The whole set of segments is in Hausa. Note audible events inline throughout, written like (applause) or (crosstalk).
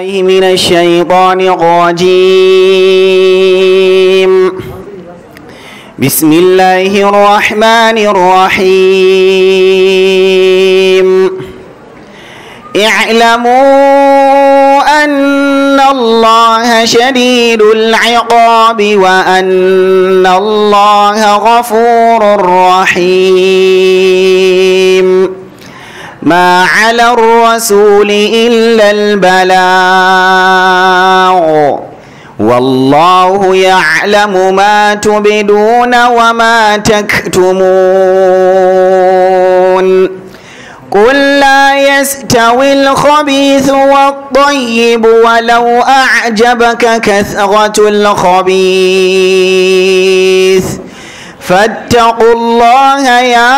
الله من الشيطان الرجيم بسم الله الرحمن الرحيم اعلموا أن الله شديد العقاب وأن الله غفور رحيم ما على الرسول إلا البلاغ والله يعلم ما تبدون وما تكتمون قل لا يستوي الخبيث والطيب ولو أعجبك كثرة الخبيث فاتقوا الله يا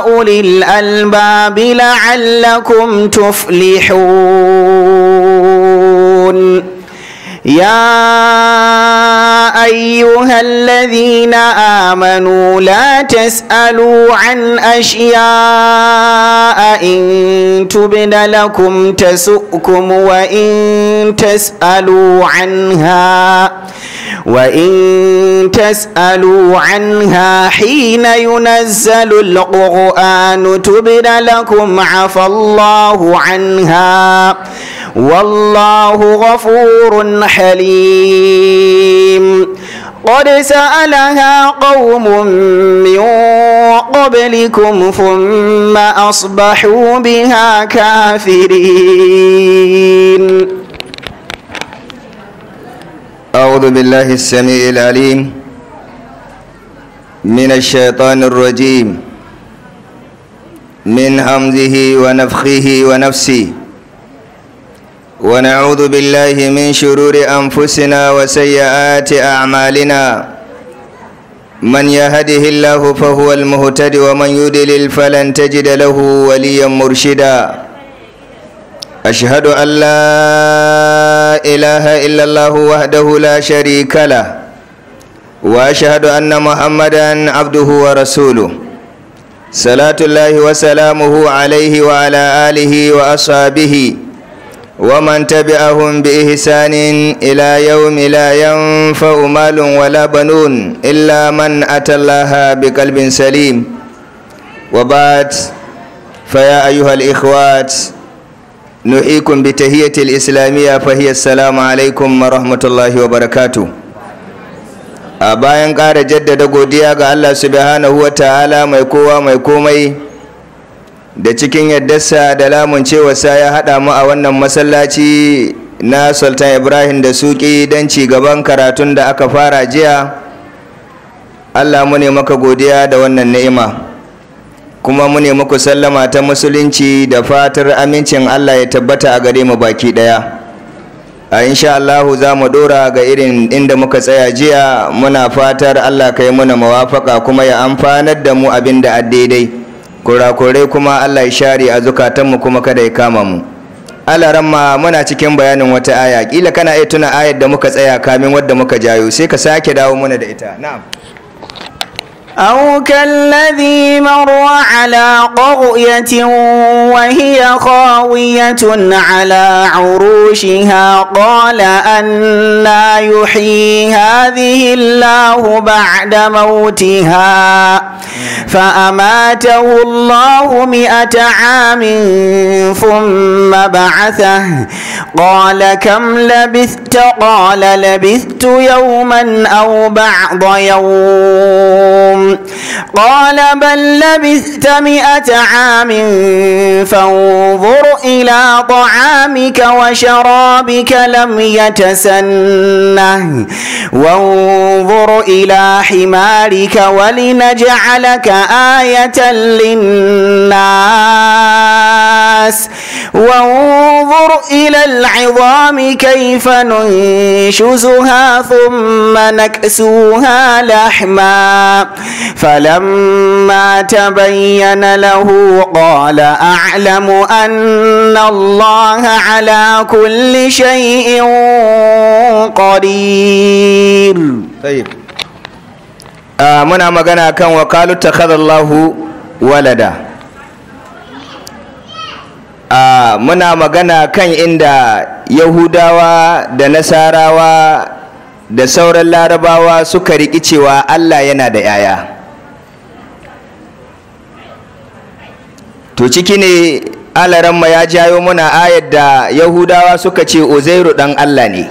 أولي الألباب لعلكم تفلحون يا أيها الذين آمنوا لا تسألوا عن أشياء إن تبن لكم تسؤكم وإن تسألوا عنها وإن تسألوا عنها حين ينزل القرآن تبن لكم عفى الله عنها والله غفور حليم قد سألها قوم من قبلكم ثم أصبحوا بها كافرين أعوذ بالله السميع العليم من الشيطان الرجيم من همزه ونفخه ونفسه ونعوذ بالله من شرور أنفسنا وسيئات أعمالنا من يهده الله فهو المهتد ومن يدلل فلن تجد له وليا مرشدا أشهد أن لا إله إلا الله وحده لا شريك له وأشهد أن محمدا عبده ورسوله صلاة الله وسلامه عليه وعلى آله وأصحابه ومن تبعهم بإحسان إلى يوم لا ينفع مال ولا بنون إلا من أتى الله بقلب سليم وبعد فيا أيها الإخوات نحييكم بتهية الإسلامية فهي السلام عليكم ورحمة الله وبركاته أبا ينقار جدد قوديا الله سبحانه وتعالى ما يكوى ما يكومي da cikin yaddarsa da lamun cewa sa ya haɗa mu a wannan masallaci na sultan ibrahim da suki don ci gaban karatun da aka fara jiya allah mu ne maka godiya da wannan ni'ima kuma mu ne muku sallama ta musulunci da fatar amincin allah ya tabbata a gare mu baki ɗaya a insha allahu za mu ɗora ga irin inda muka tsaya jiya muna fatar allah ka yi muna mawafaka kuma ya amfanar da mu abin da daidai kurakurai kuma Allah ya share a zukatanmu kuma kada ya kama mu Allah ramma muna cikin bayanin wata aya kila kana iya tuna ayar da muka tsaya kamin wadda muka jayo sai ka sake dawo mana da ita na'am أو كالذي مر على قرية وهي خاوية على عروشها قال أنا يحيي هذه الله بعد موتها فأماته الله مئة عام ثم بعثه قال كم لبثت قال لبثت يوما أو بعض يوم قال بل لبثت مئة عام فانظر إلى طعامك وشرابك لم يتسنه وانظر إلى حمارك ولنجعلك آية للناس وانظر إلى العظام كيف ننشزها ثم نكسوها لحماً فلما تبين له قال أعلم أن الله على كل شيء قدير طيب آه منا مغانا كان وقالوا اتخذ الله ولدا آه منا مغانا كان عند يهوداوا da nasarawa da sauran larabawa suka riƙi cewa Allah yana da ‘ya'ya to ciki ne alaramma ya jayo muna ayar da yahudawa suka ce uzairu ɗan Allah ne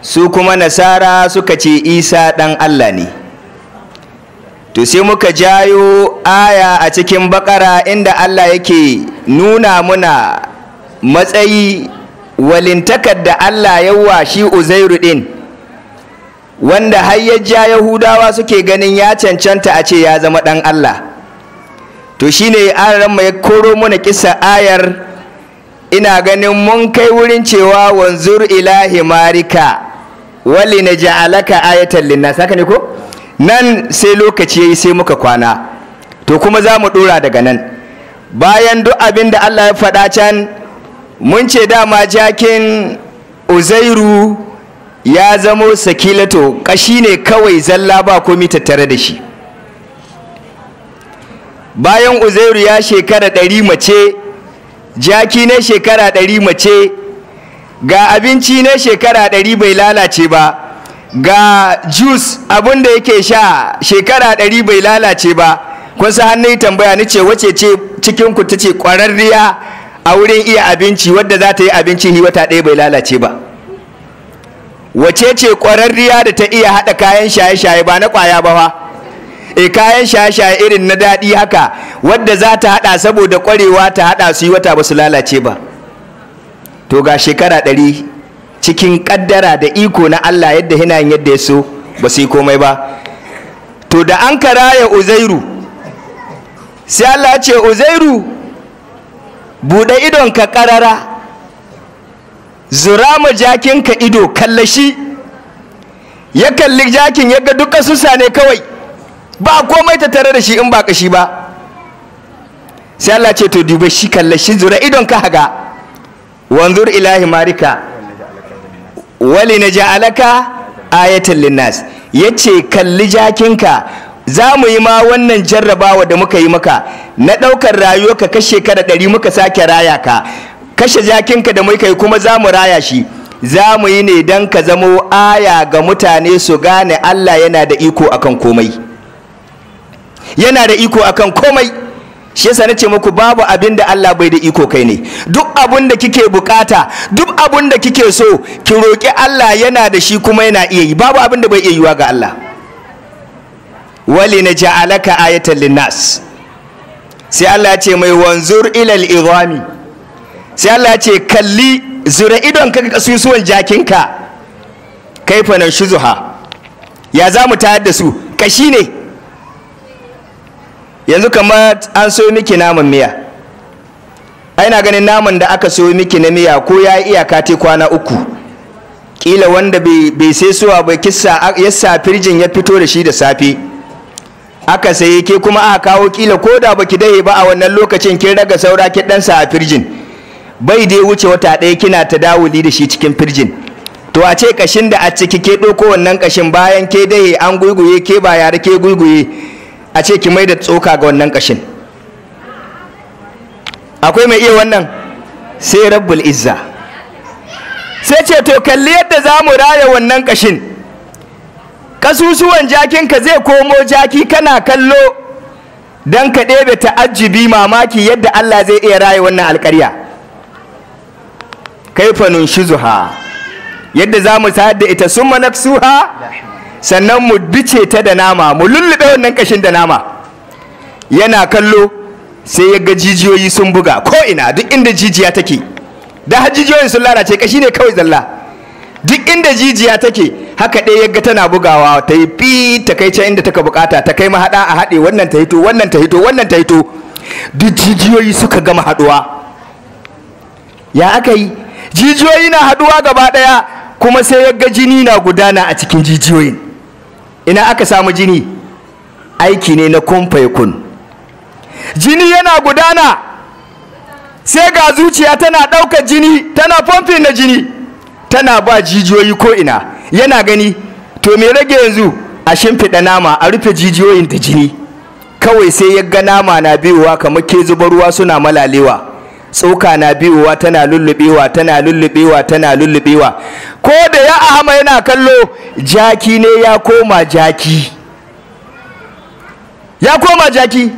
su kuma nasara suka ce isa ɗan Allah ne to sai muka jayo aya a cikin bakara inda Allah yake nuna muna matsayi walintakar da Allah yawa shi uzairu din wanda har ya ja yahudawa suke ganin ya cancanta a ce ya zama ɗan Allah to shine an ran ya koro mana kisa ayar ina ganin mun kai wurin cewa wanzur ilahi marika wali na ja'alaka ayatan linnas haka ne ko nan sai lokaci yayi sai muka kwana to kuma za mu ɗora daga nan bayan duk abin da Allah ya faɗa can mun ce dama jakin uzairu ya zamo sakilato kashi ne kawai zalla ba komi tattare da shi bayan uzairu ya shekara ɗari mace jaki ne shekara ɗari mace ga abinci ne shekara ɗari bai lalace ba ga Jus abin da yake sha shekara ɗari bai lalace ba kun san hannun tambaya ni ce wace ce cikin ku ta ce ƙwararriya a wurin iya abinci wadda za ta yi abinci hi wata ɗaya bai lalace ba wace ce ƙwararriya da ta iya haɗa kayan shaye-shaye ba na ƙwaya ba fa e kayan shaye-shaye irin na daɗi haka wadda za ta haɗa saboda ƙwarewa ta haɗa su yi wata ba su lalace ba to ga shekara ɗari cikin ƙaddara da iko na Allah yadda hina yadda ya so ba su yi komai ba to da an karaya uzairu sai Allah ce uzairu buɗe idonka ƙarara zura ma jakinka ido kallashi ya kalli jakin ya ga duka susa ne kawai ba komai ta tare da shi in ba kashi ba sai Allah ce to dube shi kallashi zura idonka haga wanzur ilahi marika wali na ja'alaka ayatan linnas yace kalli jakinka za mu yi ma wannan jarrabawa da muka yi maka na ɗaukar rayuwa ka kashe ka da ɗari muka sake raya ka kashe jakinka da muka yi kuma za mu raya shi za mu yi ne don ka zamo aya ga mutane su gane Allah yana da iko akan komai yana da iko akan komai shi yasa nace muku babu abin da Allah bai da iko kai ne duk abin da kike bukata duk abin da kike so ki roki Allah yana da shi kuma yana iya yi babu abin da bai iya yiwa ga Allah wali na ja'alaka ayatan linnas sai Allah ya ce mai wanzur ilal idhami sai Allah ya ce kalli zura idon ka ga susuwan jakinka kaifa nan shuzuha ya za mu tayar da su kashi ne yanzu kamar an so miki naman miya ai ganin naman da aka so miki na miya ko ya iyaka te kwana uku kila wanda bai sai suwa bai kissa yasa firjin ya fito da shi da safe aka saye ke kuma aka kawo kila ko da baki daye ba a wannan lokacin kin raga saura ki dan sa a firjin bai dai wuce wata ɗaya kina ta dawuli da shi cikin firjin to a ce kashin da a ciki ke ɗauko wannan kashin bayan ke dai an guguye ke ba yare ke guguye, a ce ki mai da tsoka ga wannan kashin akwai mai iya wannan sai rabbul izza sai ce to kalli yadda za mu raya wannan kashin ƙasusuwan jakinka zai komo jaki kana kallo don ka ɗebe ta'ajjibi mamaki yadda Allah zai iya raye wannan alƙarya kaifa zuha, yadda za mu sayar da ita summa suha, sannan mu bice ta da nama mu lullube wannan kashin da nama yana kallo sai ya ga jijiyoyi sun buga ko ina duk inda jijiya take da har jijiyoyin sun lalace kashi ne kawai zalla duk inda jijiya take haka ɗaya yaga tana bugawa ta yi fi ta kai can inda taka bukata ta kai mahaɗa a haɗe wannan ta hito wannan ta hito wannan ta hito duk jijiyoyi suka gama haɗuwa ya aka yi jijiyoyi na haɗuwa gaba ɗaya kuma sai yaga jini na gudana a cikin jijiyoyin ina aka samu jini aiki ne na kun jini yana gudana sai ga zuciya tana ɗaukar jini tana fomfin na jini tana ba jijiyoyi ko ina yana gani to me rage yanzu a shimfiɗa nama a rufe jijiyoyin da jini kawai sai ya ga nama na biyowa kamar ke zuba ruwa suna malalewa tsoka na biyowa tana lullubewa tana lullubewa tana lullubewa ko da ya ahama yana kallo jaki ne ya koma jaki ya koma jaki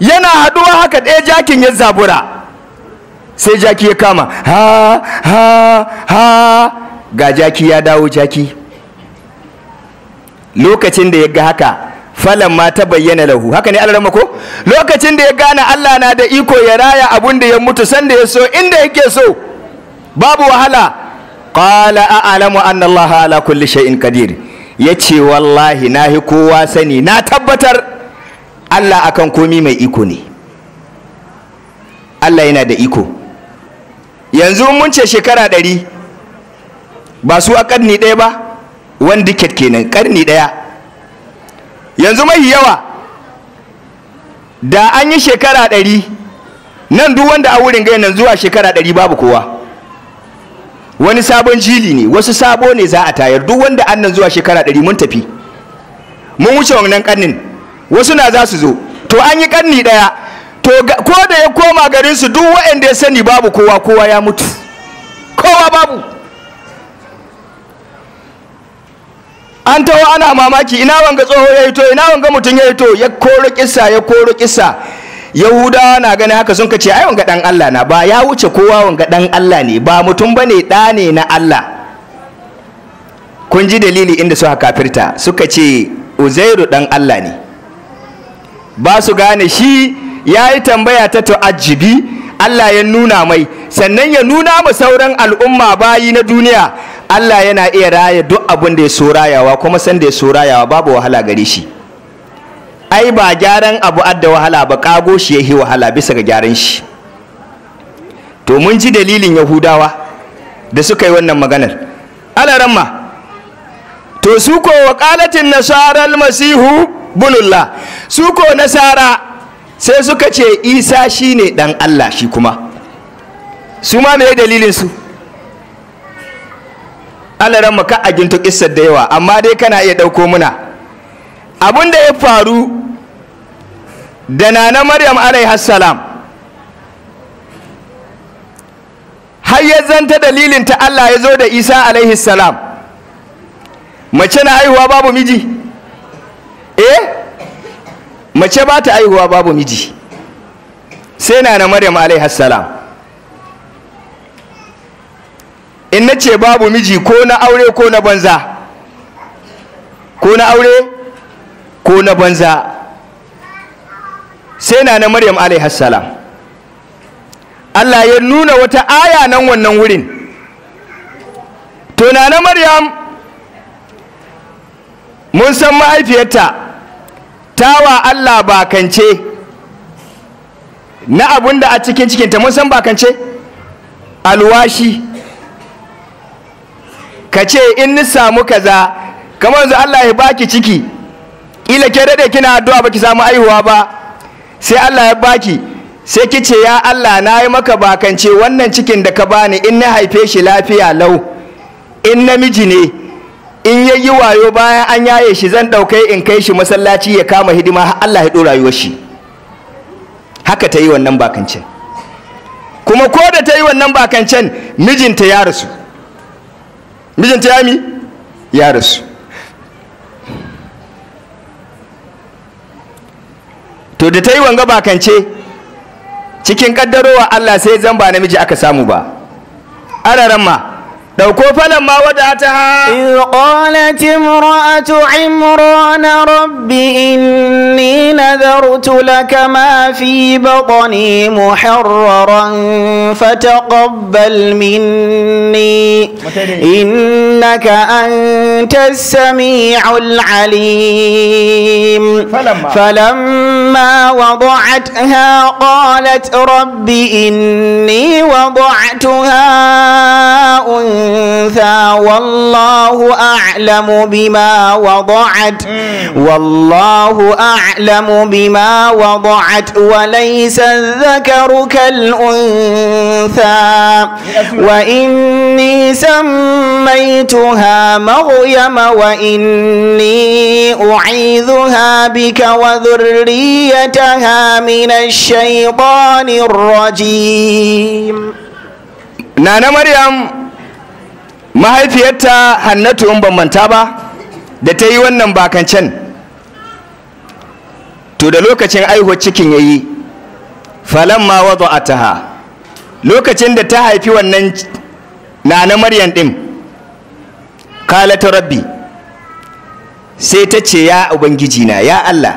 yana haɗuwa haka ɗaya jakin ya zabura sai jaki ya kama ha ha ha ga jaki ya dawo jaki lokacin da ya ga haka falan ma ta bayyana lahu haka ne Allah ko lokacin da ya gane Allah na da iko ya raya abun da ya mutu sanda ya so inda yake so babu wahala qala a'lamu anna Allah ala kulli shay'in qadir yace wallahi nahi kowa sani na tabbatar Allah akan komi mai iko ne Allah yana da iko yanzu mun ce shekara ɗari ba su a ƙarni ɗaya ba wani diket kenan ƙarni ɗaya yanzu mai yawa da an yi shekara ɗari nan duk wanda a wurin gaya nan zuwa shekara ɗari babu kowa wani sabon jili ne wasu sabo ne za a tayar duk wanda an nan zuwa shekara ɗari mun tafi mun wuce wannan ƙarnin wasu na za su zo to an yi ƙarni ɗaya to ko da ya koma garin su duk waɗanda ya sani babu kowa kowa ya mutu kowa babu an taho ana mamaki ina wanga tsoho ya to ina wanga mutum ya to ya koro kisa ya koro kisa yahuda na gani haka sun kace ai wanga dan Allah na ba ya wuce kowa wanga dan Allah ne ba mutum bane da ne na Allah kun ji dalili inda suka kafirta suka ce uzairu dan Allah ne ba su gane shi ya yi tambaya ta tu'ajjibi Allah ya nuna mai sannan ya nuna ma sauran al'umma bayi na duniya Allah yana iya raya duk abin da ya so rayawa kuma san da ya so rayawa babu wahala gare shi ai ba gyaran abu adda wahala ba kago shi yahi wahala bisa ga gyaran shi to mun ji dalilin yahudawa da suka yi wannan maganar alaramma to su ko wakalatin nasarar masihu bunullah su ko nasara sai suka ce isa shine dan allah shi kuma su ma mai dalilin su alaran maka a gintu kissar da yawa amma dai kana iya ɗauko muna abin da ya faru da nana maryam alaihassalam har ya zanta dalilin ta allah ya zo da isa alaihassalam mace na haihuwa babu miji eh mace ba ta aihuwa babu miji sai na na maryam alaihi salam in na ce babu miji ko na aure ko na banza ko na aure ko na banza sai na na maryam alaihi salam Allah ya nuna wata aya nan wannan wurin to na na maryam mun san mahaifiyarta tawa Allah bakance na abun da a cikin cikinta mun san bakance alwashi ka ce in ni samu kaza kamar yanzu Allah ya baki ciki kila ke dade kina addu'a baki samu aihuwa ba sai Allah ya baki sai kice ya Allah na yi maka bakance wannan cikin da ka bani in na haife shi lafiya lau in namiji ne in ya yi wayo bayan an yaye shi zan ɗaukai in kai shi masallaci ya kama hidima Allah ya ɗora rayuwar shi haka ta yi wannan bakancin kuma ko da ta yi wannan bakancin mijinta ya rasu mijinta ya mi ya rasu to da ta yi wanga bakance cikin ƙaddarowa Allah sai zan ba namiji aka samu ba Ararama. ma لو كفل ما ودعتها إذ قالت امرأة عمران رب إني نذرت لك ما في بطني محررا فتقبل مني إنك أنت السميع العليم فلما, وضعتها قالت رب إني وضعتها أنت أنثى والله أعلم بما وضعت والله أعلم بما وضعت وليس الذكر كالأنثى وإني سميتها مريم وإني أعيذها بك وذريتها من الشيطان الرجيم نانا مريم mahaifiyarta hannatu in ban manta ba da ta yi wannan bakancan to da lokacin aiho cikin ya yi falamma wada'ataha lokacin da ta haifi wannan nana maryam ɗin kalata rabbi sai ta ce ya ubangiji na ya Allah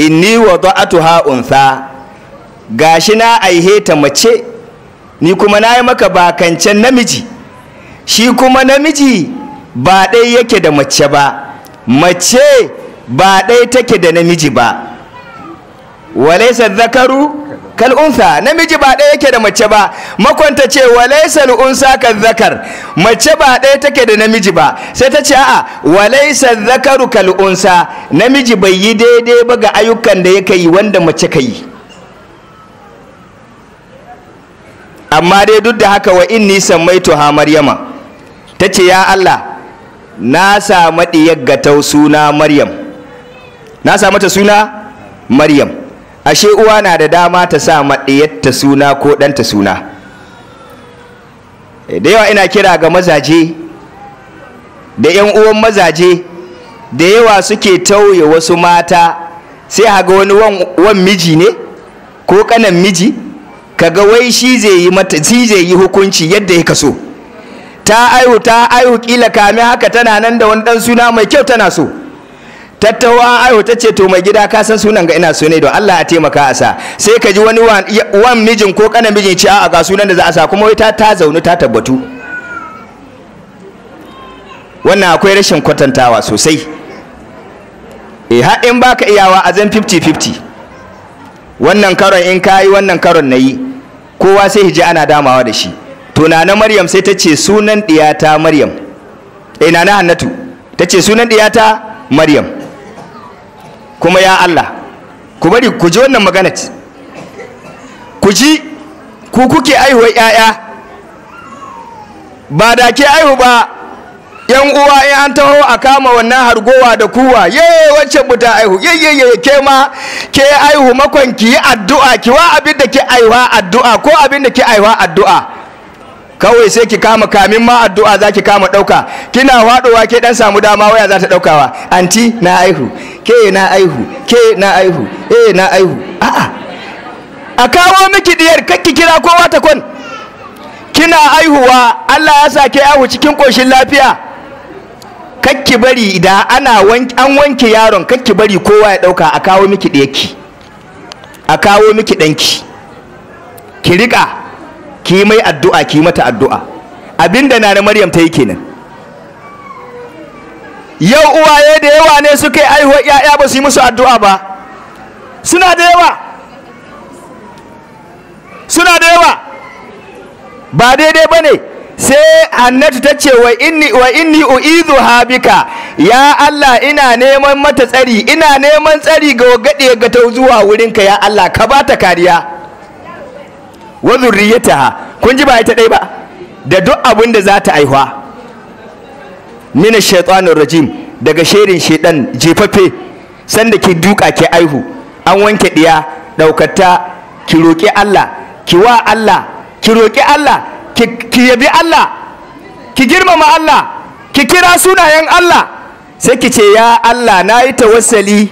inni wada'atuha unsa gashi na aihe ta mace ni kuma na yi maka bakancan namiji shi kuma namiji ba ɗai yake da mace ba mace ba ɗai take da namiji ba walaisa zakaru kal'unsa namiji ba ɗaya yake da mace ba makwanta ce walaisa al'unsa kan zakar mace ba ɗaya take da namiji ba sai ta ce a'a walaisa zakaru kal'unsa namiji bai yi daidai ba ga ayyukan da yake yi wanda mace ka yi amma dai duk da haka wa inni ha maryama ta ce ya Allah na samu ɗiyar suna Maryam na samu ta suna Maryam ashe uwa na da dama ta sa maɗiyarta suna ko ɗanta suna eh, da yawa ina kira ga mazaje da 'yan uwan mazaje da yawa suke tauye wasu mata sai haga wani wan miji ne ko ƙanan miji kaga wai shi zai yi hukunci yadda ya kaso so ta ayu ta ayu kila kame haka tana nan da wani dan suna mai kyau tana so tattawa aiwu ta ce to mai gida ka san sunan ga ina so ne don Allah a taimaka a sa sai ka ji wani wan mijin ko kana mijin ce a ga sunan da za a sa kuma wai ta ta zaune ta tabbatu wannan akwai rashin kwatantawa sosai eh har in baka iyawa a zan 50 50 wannan karon in kai wannan karon nayi kowa sai hiji ana damawa da shi to nana maryam sai ta ce sunan diyata maryam eh nana hannatu ta ce sunan diyata maryam kuma ya allah ku bari ku ji wannan magana ku ji ku kuke aihuwa 'ya'ya ba da ke aihu ba yan uwa in an taho a kama wannan hargowa da kuwa ye wacce buta aihu ye ye ye ke ma ke aihu makon ki yi addu'a ki wa abin da ke aiwa addu'a ko abin da ke aiwa addu'a kawai sai ki kama kamin ma addu'a za ki kama ɗauka kina faɗowa ke ɗan samu dama waya za ta ɗaukawa anti na aihu ke na aihu ke na aihu E na aihu a'a a kawo miki diyar kakki kira kowa ta kwan kina aihuwa Allah ya sa ke aihu cikin ƙoshin lafiya kakki bari da ana an wanke yaron kakki bari kowa ya ɗauka a kawo miki ɗiyarki a kawo miki ɗanki ki riƙa ki mai addu'a ki mata addu'a abinda nana maryam ta yi kenan yau uwaye da yawa ne suka yi ‘ya'ya ba su yi musu addu'a ba suna da yawa suna da yawa ba daidai ba ne sai hannatu ta ce wa inni wa inni u'izu habika ya Allah ina neman mata tsari ina neman tsari ga gade ga zuwa wurinka ya Allah ka bata kariya wa zurriyataha kun ji ba ita dai ba da duk abin da za ta aihwa min shaitanar rajim daga sherin shedan jefaffe sanda ki duka ki aihu an wanke diya daukata ki roki Allah ki wa Allah ki roki Allah ki yabi Allah ki girmama Allah ki kira sunayen Allah sai ki ce ya Allah na yi tawassali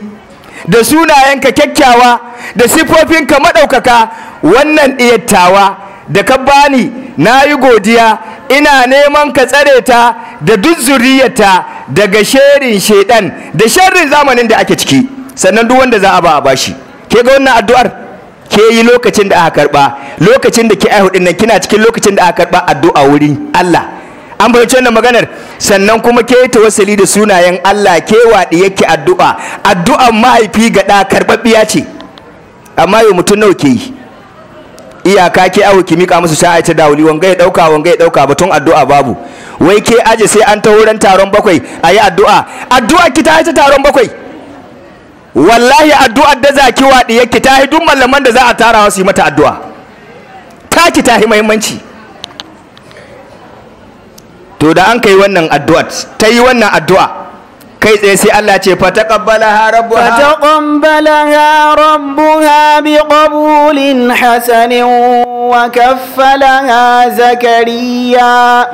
da sunayenka kyakkyawa da sifofinka maɗaukaka wannan ɗiyattawa da ka bani na yi godiya ina neman ka tsare ta da duk zuriyarta daga sherin shaidan da sharrin zamanin da ake ciki sannan duk wanda za a ba a bashi ke ga wannan addu'ar ke yi lokacin da aka karba lokacin da ke aihu nan kina cikin lokacin da aka karba addu'a wurin Allah an bai wannan maganar sannan kuma ke wasali da sunayen Allah ke waɗi yake addu'a addu'an mahaifi ga da karbabbiya ce amma yau mutum nawa ke yi iyaka ke awo ki mika musu sha'a ta dauli wanga ya dauka wanga ya dauka batun addu'a babu wai ke aje sai an ta wurin taron bakwai ayi addu'a addu'a ki ta ta taron bakwai wallahi addu'a da zaki wadi yake ta duk mallaman da za a tara su yi mata addu'a ta ki ta muhimmanci to da an kai wannan addu'a ta yi wannan addu'a kai tsaye sai Allah ce fataqabbalaha rabbuha ha rabbuha biqabulin hasanin wa kaffalaha zakariya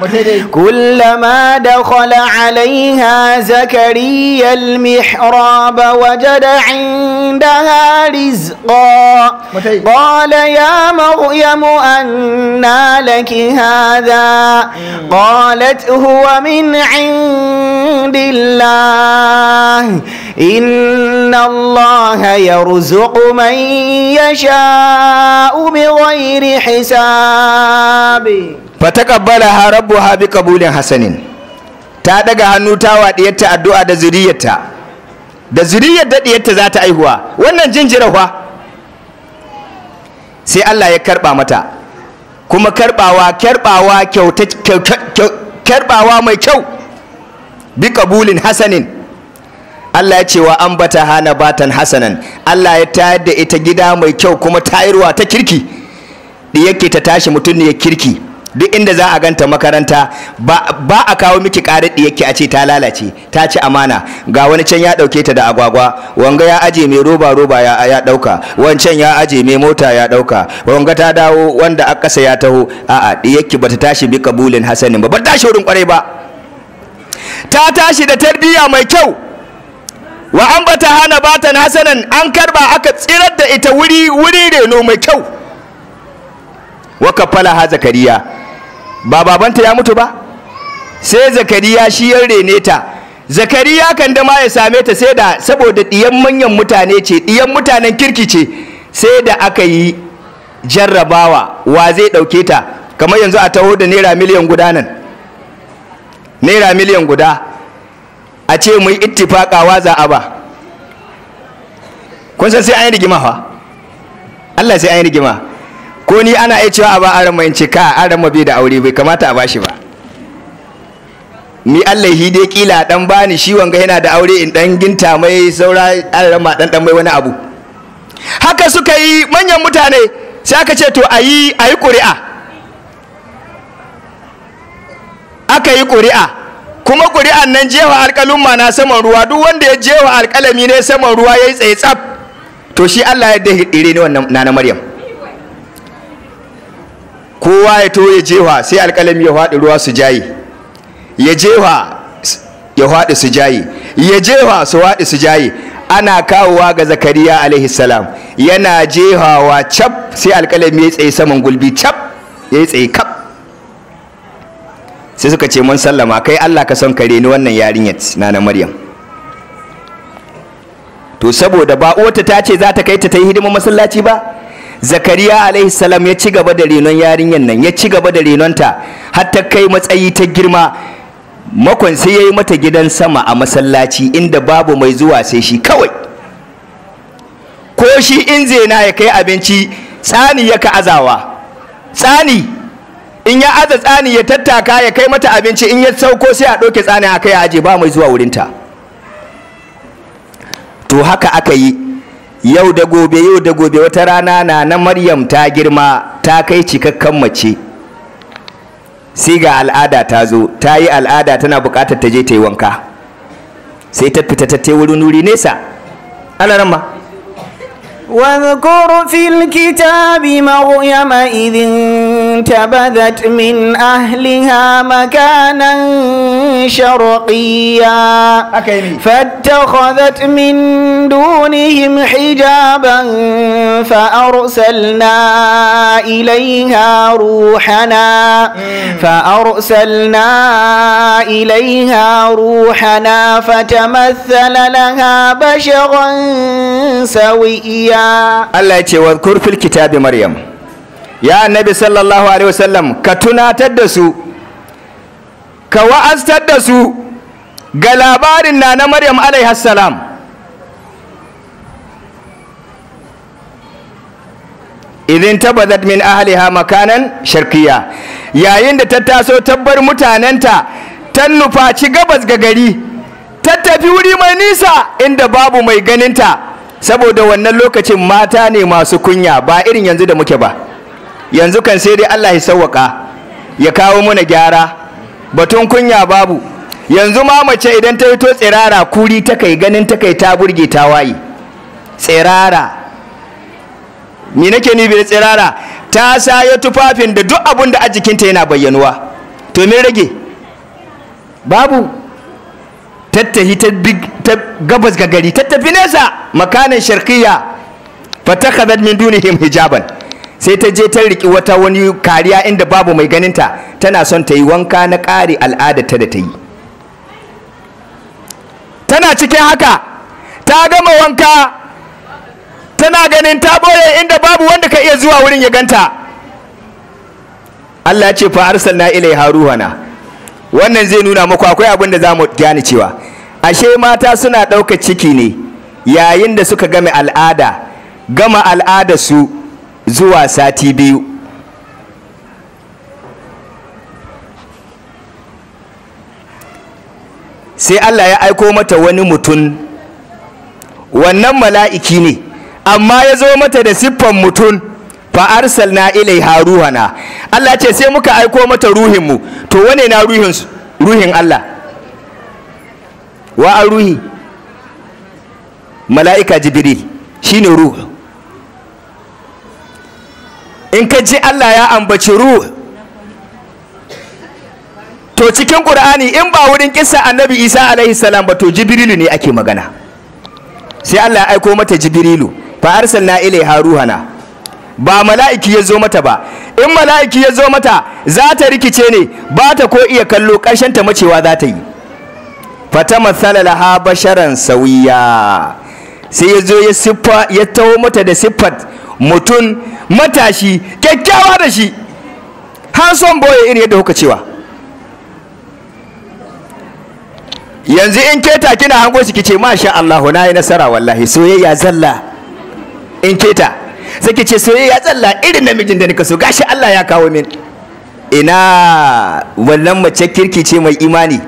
kullama dakhala alaiha zakariya almihrab wajada indaha rizqa qala ya maryam anna laki hadha hmm. qalat huwa min indillah الله إن الله يرزق من يشاء بغير حساب فتقبلها ربها بقبول حسن ta ɗaga hannu ta addu'a da zuriyarta da zuriyar daɗiyarta za ta aihuwa wannan jinjirawa sai Allah ya karɓa mata kuma karɓawa karɓawa mai kyau bi kabulin hasanin Allah ya ce wa an bata hana batan hasanan Allah ya tayar da ita gida mai kyau kuma tayarwa ta kirki da yake ta tashi mutum ne ya kirki duk inda za a ganta makaranta ba a kawo miki karar yake a ce ta lalace ta ci amana ga wani can ya dauke ta da agwagwa wanga ya aje mai roba roba ya dauka wancan ya aje mai mota ya dauka wanga ta dawo wanda a kasa ya taho a'a ba bata tashi bi kabulin hasanin ba ba tashi wurin kwarai ba ta tashi da tarbiyya mai kyau wa an bata hana batan hasanan an karba aka tsirar da ita wuri wuri reno mai kyau wa kafala ha zakariya ba babanta ya mutu ba sai zakariya shi ya rene ta zakariya kan da ma ya same ta sai da saboda diyan manyan mutane ce diyan mutanen kirki ce sai da aka yi jarrabawa wa zai ɗauke ta kamar yanzu a taho da naira miliyan nan naira miliyan guda a ce mu yi wa za a ba kun san sai an yi rigima fa Allah sai an yi rigima ko ni ana iya cewa a ba aran mai cika aran bai da aure bai kamata a bashi ba ni Allah yi dai kila dan bani shi wanga yana da aure in dan ginta mai saura aran ma dan dan mai wani abu haka suka yi manyan mutane sai aka ce to ayi ayi ƙuri'a aka yi ƙuri'a kuma ƙuri'an nan jewa alƙalumma na saman ruwa duk wanda ya jefa alƙalami ne saman ruwa ya yi tsaye tsaf to shi Allah ya dahire ne wannan nana Maryam kowa ya to ya jefa sai alƙalami ya faɗi ruwa su jayi ya jefa ya faɗi su jayi ya jewa su faɗi su jayi ana kawowa ga zakariya alaihi salam yana jehawa cap sai alƙalami ya tsaye saman gulbi cap ya yi tsaye sai suka ce mun sallama kai Allah ka son kare ni wannan yarinyar na Maryam to saboda ba uwarta ta ce za ta kai ta yi hidimar masallaci ba zakariya alaihi salam ya ci gaba da renon yarinyar nan ya ci gaba da renonta har ta kai matsayi ta girma makon sai yayi mata gidan sama a masallaci inda babu mai zuwa sai shi kawai ko shi in zena ya kai abinci tsani ya ka azawa tsani in ya aza tsani ya tattaka ya kai mata abinci in ya sauko sai a ɗauke tsani a kai a aje ba mai zuwa wurinta to haka aka yi yau da gobe yau da gobe wata rana na na maryam ta girma ta kai cikakken mace sai ga al'ada ta zo ta yi al'ada tana buƙatar ta je ta yi wanka sai ta fita ta wurin nuri nesa ana nan واذكر في الكتاب مريم إذ انتبذت من أهلها مكانا شرقيا فاتخذت من دونهم حجابا فأرسلنا إليها روحنا mm. فأرسلنا إليها روحنا فتمثل لها بشرا سويا ya Allah ya ce wa kurfil kitabi Maryam ya annabi sallallahu alaihi wasallam ka tunatar da su ka wa'aztar da su ga labarin na na Maryam alaihi salam Idan tabbatar min ahliha makanan sharqiyya yayin da ta taso tabbar mutanenta ta nufaci gabas ga gari ta tafi wuri mai nisa inda babu mai ganinta saboda wannan lokacin mata ne masu kunya ba irin yanzu da muke ba yanzu kan sai dai Allah ya sauwaka ya kawo mana gyara batun kunya babu yanzu ma mace idan ta to tsirara kuri ta kai ganin ta kai ta burge ta waye tsirara ni nake ni bi tsirara ta sayo tufafin da duk abun da a jikinta yana bayyanuwa to me rage babu tattahi ta gabas ga gari tattafi nesa makanin sharkiya fatakadat min dunihim hijaban sai ta je ta riki wata wani kariya inda babu mai ganinta tana son ta yi wanka na ƙari ta da ta yi tana cikin haka ta gama wanka tana ganin ta boye inda babu wanda ka iya zuwa wurin ya ganta Allah ce fa arsalna ilai haruhana wannan zai nuna muku akwai abin da za mu gane cewa ashe mata suna ɗaukar ciki ne yayin da suka game al'ada gama al'ada su zuwa sati biyu sai Allah ya aiko mata wani mutum wannan mala'iki ne amma ya zo mata da siffan mutum fa arsalna ilaiha ruhana Allah ce sai muka aiko mata ruhinmu to wane na ruhin ruhin Allah wa ruhi mala'ika jibril shine ruhu in ka ji Allah ya ambaci ruhu to cikin qur'ani in ba wurin kissa annabi isa alaihi salam ba to jibrilu ne ake magana sai Allah ya aiko mata jibrilu fa arsalna ilaiha ruhana ba mala'iki ya zo mata ba in mala'iki ya zo mata za ta rikice ne ba ta ko iya kallo ta macewa za ta yi fata matsala ha basharan sauya sai ya zo ya taho mata da siffat mutum matashi kyakkyawa da shi hanson boye iri yadda kuka cewa yanzu in keta kina hango shi kice masha Allah na yi nasara wallahi soyayya zalla in keta sai ki ce soyayya tsalla irin namijin da nika so gashi Allah ya kawo min ina wannan mace kirki ce mai imani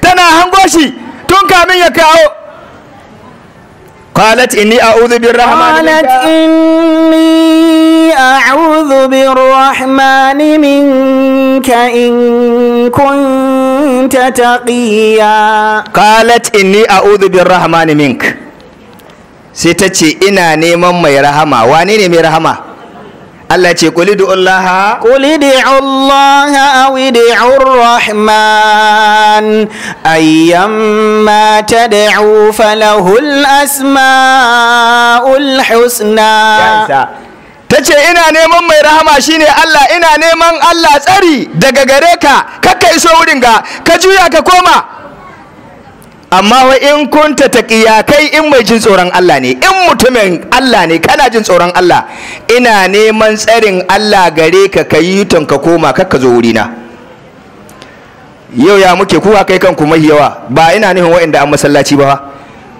tana hango shi tun kamin ya kawo قالت إني أعوذ بالرحمن قالت إني أعوذ بالرحمن منك إن كنت تقيا قالت إني أعوذ بالرحمن منك sai ta ce ina neman mai rahama wane ne mai rahama Allah ce kuli du'ullaha kuli du'ullaha aw du'ur rahman ayyamma tad'u falahul asmaul husna ta ce ina neman mai rahama shine Allah ina neman Allah tsari daga gare ka kakka iso wurin ga ka juya ka koma amma wa in kunta taqiya kai in mai jin tsoron Allah ne in mutumin Allah ne kana jin tsoron Allah ina neman tsarin Allah gare ka yi yuton ka koma kar ka zo wurina yau ya muke kuwa kai kanku mahi yawa ba ina nufin waɗanda an masallaci ba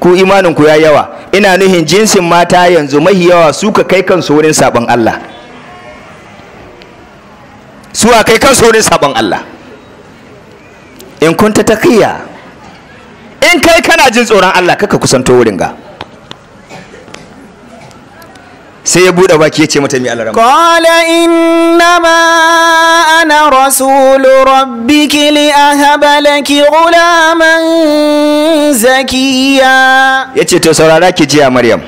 ku imanin ku ya yawa ina nufin jinsin mata yanzu mahi yawa su ka kai kansu wurin sabon Allah su a kai kansu wurin sabon Allah in kunta taqiya in kai kana jin tsoron Allah kaka kusanto wurin ga sai ya buɗe baki ya ce mata mi alarama qala ma ana rasul rabbiki li ahaba laki ghulaman zakiya yace to saurara ki jiya maryam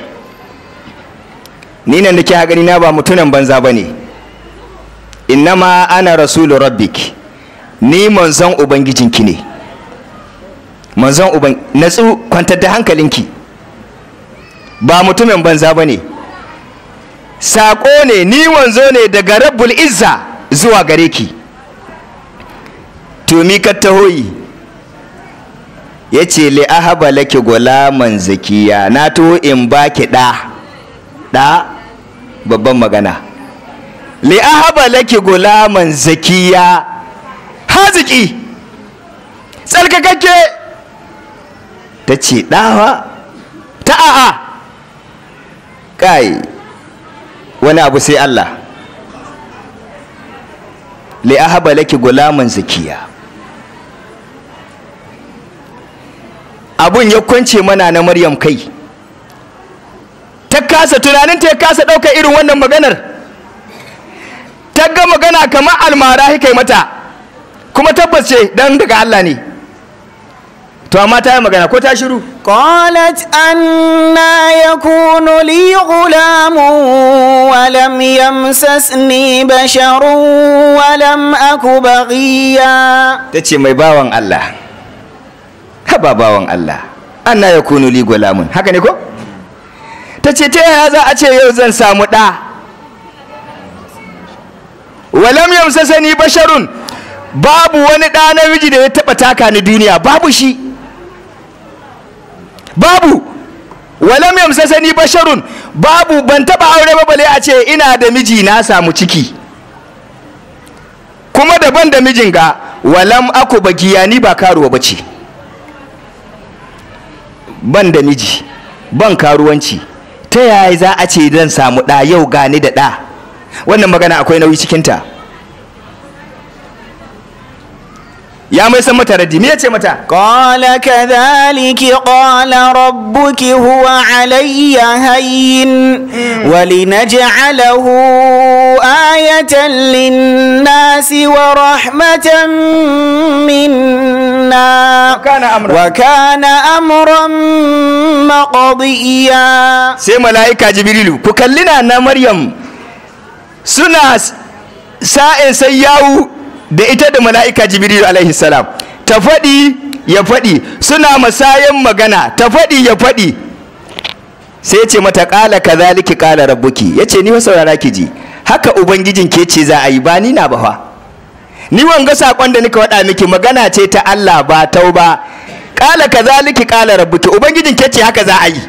ni nan da ke gani na ba mutunan banza bane ma ana rasul rabbiki ni manzon ubangijinki ne manzon uban natsu kwantar da hankalinki ba mutumin banza ba ne saƙo ne ni wanzo ne daga rabbul izza zuwa gare ki tumi ka tahoyi ya ce le ahaba laki gulaman zakiya na to in ba ki ɗa ɗa babban magana le ahaba laki gulaman zakiya haziki tsarkakakke ta ce ɗawa ta a'a kai wani abu sai Allah li'ahaba laki gulaman zakiya abun ya kwance mana na maryam kai ta kasa tunanin ta ya kasa ɗaukar irin wannan maganar ta ga magana kamar almara kai mata kuma tabbas ce dan daga Allah ne to amma ta yi magana ko ta shiru qalat anna yakunu li ghulamun wa lam yamsasni basharun wa lam aku baghiya tace mai bawan Allah ba bawan Allah anna yakunu li ghulamun haka ne ko tace ta yaya za a ce yau zan samu da wa lam yamsasni basharun babu wani ɗa namiji da ya taɓa taka ni duniya babu shi babu walam yamsasani basharun babu ban taba aure ba bale a ce ina da miji na samu ciki kuma daban da mijin ga walam aku ba ni ba karuwa bace ban da miji ban karuwanci ta yaya za a ce zan samu ɗa yau gani da ɗa wannan magana akwai nauyi cikinta ya mai san mata raddi me yace mata qala kadhaliki qala rabbuki huwa alayya hayyin walinaj'alahu ayatan linnasi wa rahmatan minna wa kana amran maqdiya sai malaika jibrilu ku kallina na maryam suna sa'in sai yawu da ita da mala'ika jibiru alaihi salam ta faɗi ya faɗi suna masayan magana ta faɗi ya faɗi sai ce mata ƙala ka zaliki ƙala rabbuki ya ce ni saurara ki ji haka ubangijin ke ce za a yi ba ni na ba fa. ni wanga saƙon da nika waɗa miki magana ce ta Allah ba tau ba ƙala ka zaliki ƙala rabbuki ubangijin ke ce haka za a yi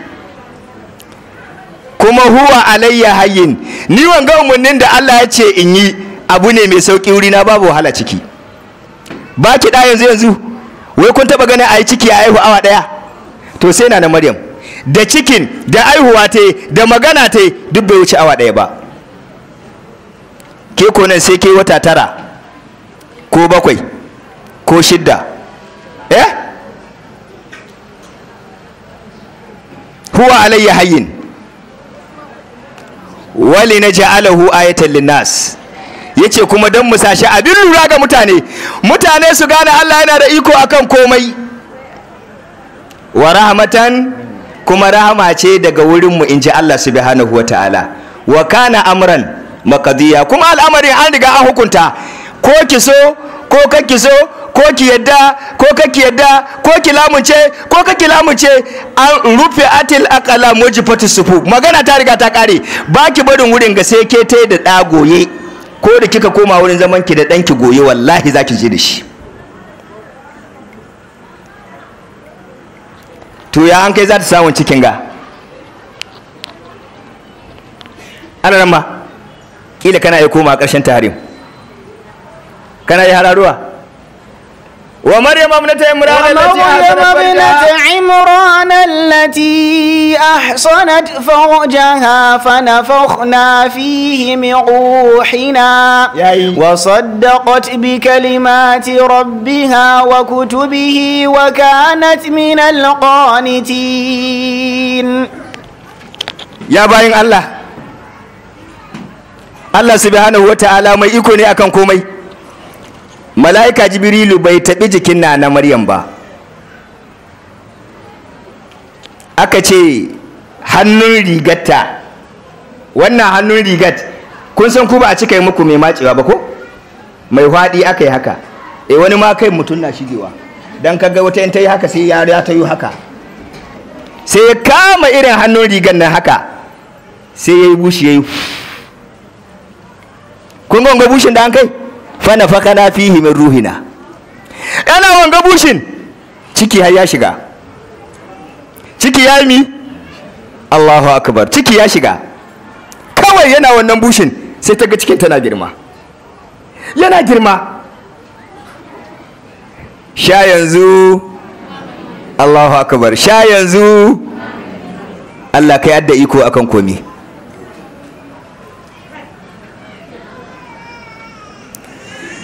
kuma huwa alayya hayyin ni wanga umarnin da Allah ya ce in yi abu ne mai sauki wuri na babu wahala ciki ba ki da yanzu yanzu wai kun taba ganin yi ciki a haihu awa daya to sai na na maryam da cikin da aihuwa ta da magana ta duk bai wuce awa daya ba ke nan sai ke wata tara ko bakwai ko shidda eh huwa alayya hayyin wali na ja'alahu ayatan linnas yace kuma dan musashi, abin lura ga mutane mutane su gane Allah yana da iko akan komai wa rahmatan kuma rahama ce daga wurin mu inji Allah subhanahu ta'ala wa kana amran makadiya kuma al'amarin an riga an hukunta ko ki so ko ki so ko ki yadda ko ki yadda ko ki lamunce ko ki lamunce an rufe atil akala mujibatu sufu magana ta riga ta kare baki barin wurin ga sai ke tai da ɗagoye. ko da kika koma wurin zaman ki da ɗanki goye wallahi za ki je da shi to ya an kai za ta samun cikin ga ana nan ma kila kana iya koma ƙarshen taharim kana iya hararuwa ومريم ابنة عمران التي ومريم عمران التي أحصنت فرجها فنفخنا فيه من روحنا وصدقت بكلمات ربها وكتبه وكانت من القانتين يا باين الله الله سبحانه وتعالى ما يكوني أكن كومي mala'ika jibrilu bai taɓi jikin na na maryam ba aka ce hannun rigatta wannan hannun rigat kun san ku ba a cika yi muku mai macewa ba ko mai haɗi aka yi haka e wani ma kai mutum na shigewa don kaga wata yin ta yi haka sai yara ta yi haka sai ya kama irin hannun rigar nan haka sai ya yi bushi ya yi kun ga bushin da an kai fa na fihi min ruhina Yana wanga bushin ciki har ya shiga ciki ya mi Allahu akbar ciki ya shiga kawai yana wannan bushin sai ta ga cikin tana girma yana girma sha yanzu Allahu akbar sha yanzu Allah kai yadda iko akan komi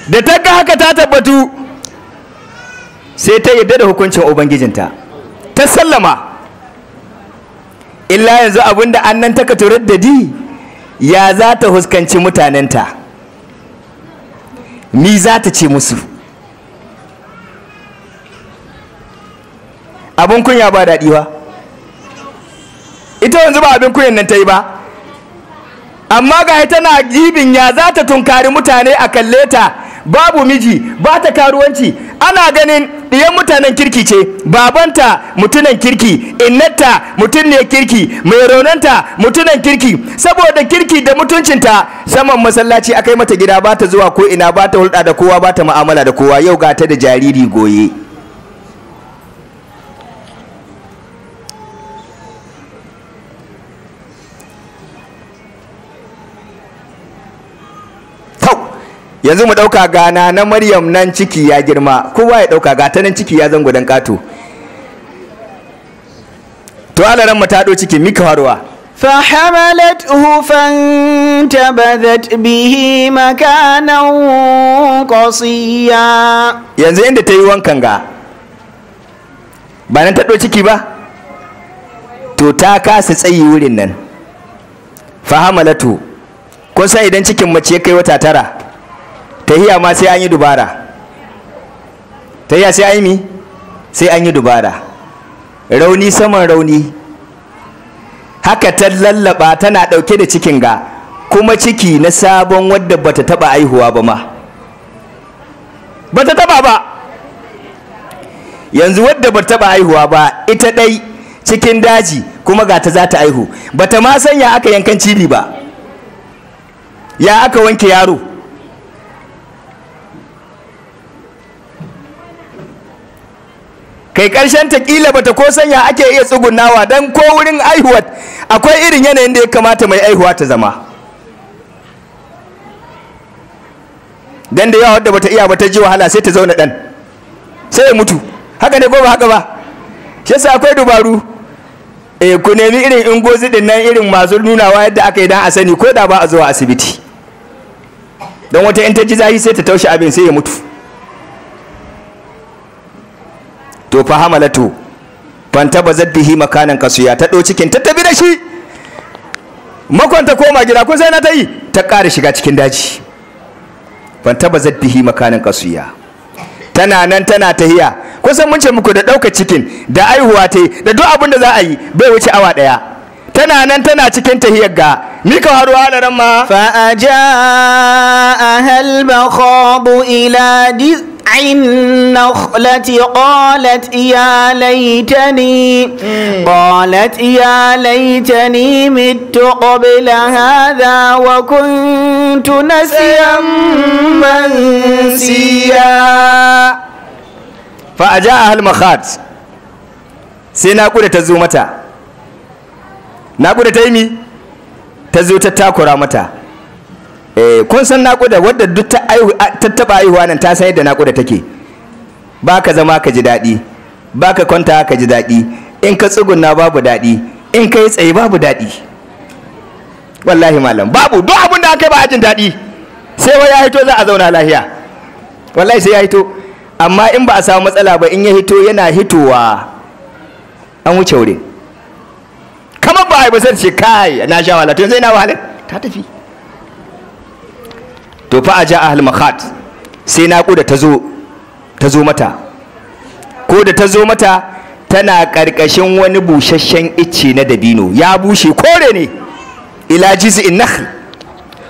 da ta ga haka ta tabbatu sai ta yarda da hukuncin ubangijinta ta sallama illa yanzu abinda annan ta katurar da di ya za ta huskanci mutanenta ni za ta ce musu abin kunya ba daɗi ba ita yanzu ba abin kunyan nan ta yi ba amma ga tana gibin ya za ta tunkari mutane a kalle ta babu miji ba ta karuwanci ana ganin ɗiyan mutanen kirki ce babanta mutunan kirki innata mutum ne kirki mai raunanta mutunan kirki saboda kirki da mutuncinta saman masallaci akai mata gida ba ta zuwa ko ina ba ta hulɗa da kowa ba ta mu'amala da kowa yau ga ta da jariri goye yanzu mu ɗauka gana na maryam nan ciki ya girma kowa ya ɗauka gata nan ciki ya zango dan ƙato to alaran mu ta ɗo ciki mika faruwa فحملته فانتبذت به مكانا قصيا yanzu inda ta yi wankan ga ba nan ta ɗo ciki ba to ta kasa tsayi wurin nan fahamalatu kun san idan cikin mace kai wata tara tahiya ma sai an yi dubara tahiya sai an yi mi sai an yi dubara rauni saman rauni haka ta lallaba tana ɗauke da cikin ga kuma ciki na sabon wadda bata taba aihuwa ba ma bata taba ba yanzu wadda bata taba aihuwa ba ita dai cikin daji kuma ga ta za ta aihu bata ma sanya aka yankan cibi ba ya aka wanke yaro kai karshen ta kila bata ko sanya ake iya tsugunawa dan ko wurin aihuwa akwai irin yanayin da ya kamata mai aihuwa ta zama dan da yawa wadda bata iya bata ji wahala sai ta zauna dan sai ya mutu haka ne ko ba haka ba shi yasa akwai dubaru eh ku nemi irin ingozi din nan irin masu nunawa yadda aka yi dan a sani ko da ba a zuwa asibiti don wata in ta ji zahi sai ta taushe abin sai ya mutu to fa hamalatu fanta bazat bihi makanan kasuya ta ɗau cikin ta tabi da shi makon ta koma gida kun sai na ta yi ta ƙara shiga cikin daji fanta bazat bihi makanan kasuya tana nan tana tahiya kusan mun ce muku da ɗaukar cikin da aihuwa ta yi da duk abin da za a yi bai wuce awa ɗaya tana nan tana cikin tahiyar ga ka haruwa da ran ma fa aja ahal bakhadu ila النخلة قالت يا ليتني قالت يا ليتني مت قبل هذا وكنت نسيا منسيا فأجاءها المخاط سينا قد تزومتا na gudu ta yi mi ta Eh, kun san naƙuda wadda duk ta taɓa aihuwa nan ta san yadda naƙuda take ba ka zama ka ji daɗi ba ka kwanta ka ji daɗi in ka tsugunna babu daɗi in ka yi tsaye babu daɗi wallahi malam babu duk abin da aka yi ba a jin daɗi sai wai ya hito za a zauna lahiya wallahi sai ya hito amma in ba a samu matsala ba in ya hito yana hitowa an wuce wurin kamar ba a yi ba sai ce kai na sha wahala to yanzu ina wahalar ta tafi to fa ja ahal makhat sai naƙuda ta zo ta zo mata ko da ta zo mata tana ƙarƙashin wani busasshen icce na dabino ya bushe kore ne ila jiz'in nakhl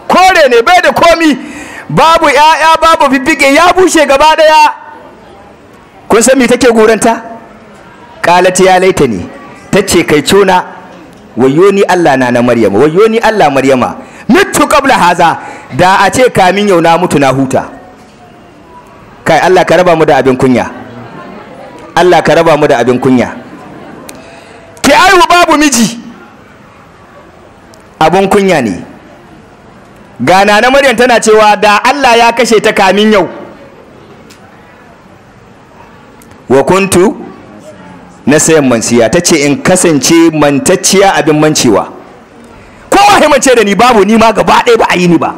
kore ne bai da komi babu ya'ya babu fiffike ya bushe gaba daya kun san me take goranta qalat ya laitani tace kai cona wayyo ni Allah na na Maryama Wayyo ni Allah Maryama mutu kabla haza da a ce kamin yau na mutu na huta kai Allah ka raba mu da abin kunya Allah ka raba mu da abin kunya ki aihu babu miji abin kunya ne gana na maryam tana cewa da Allah ya kashe ta kamin yau wa kuntu na sayan mansiya ta ce in kasance mantacciya abin mancewa wallahi mace da ni babu ni ma gaba ɗaya ba a yi ni ba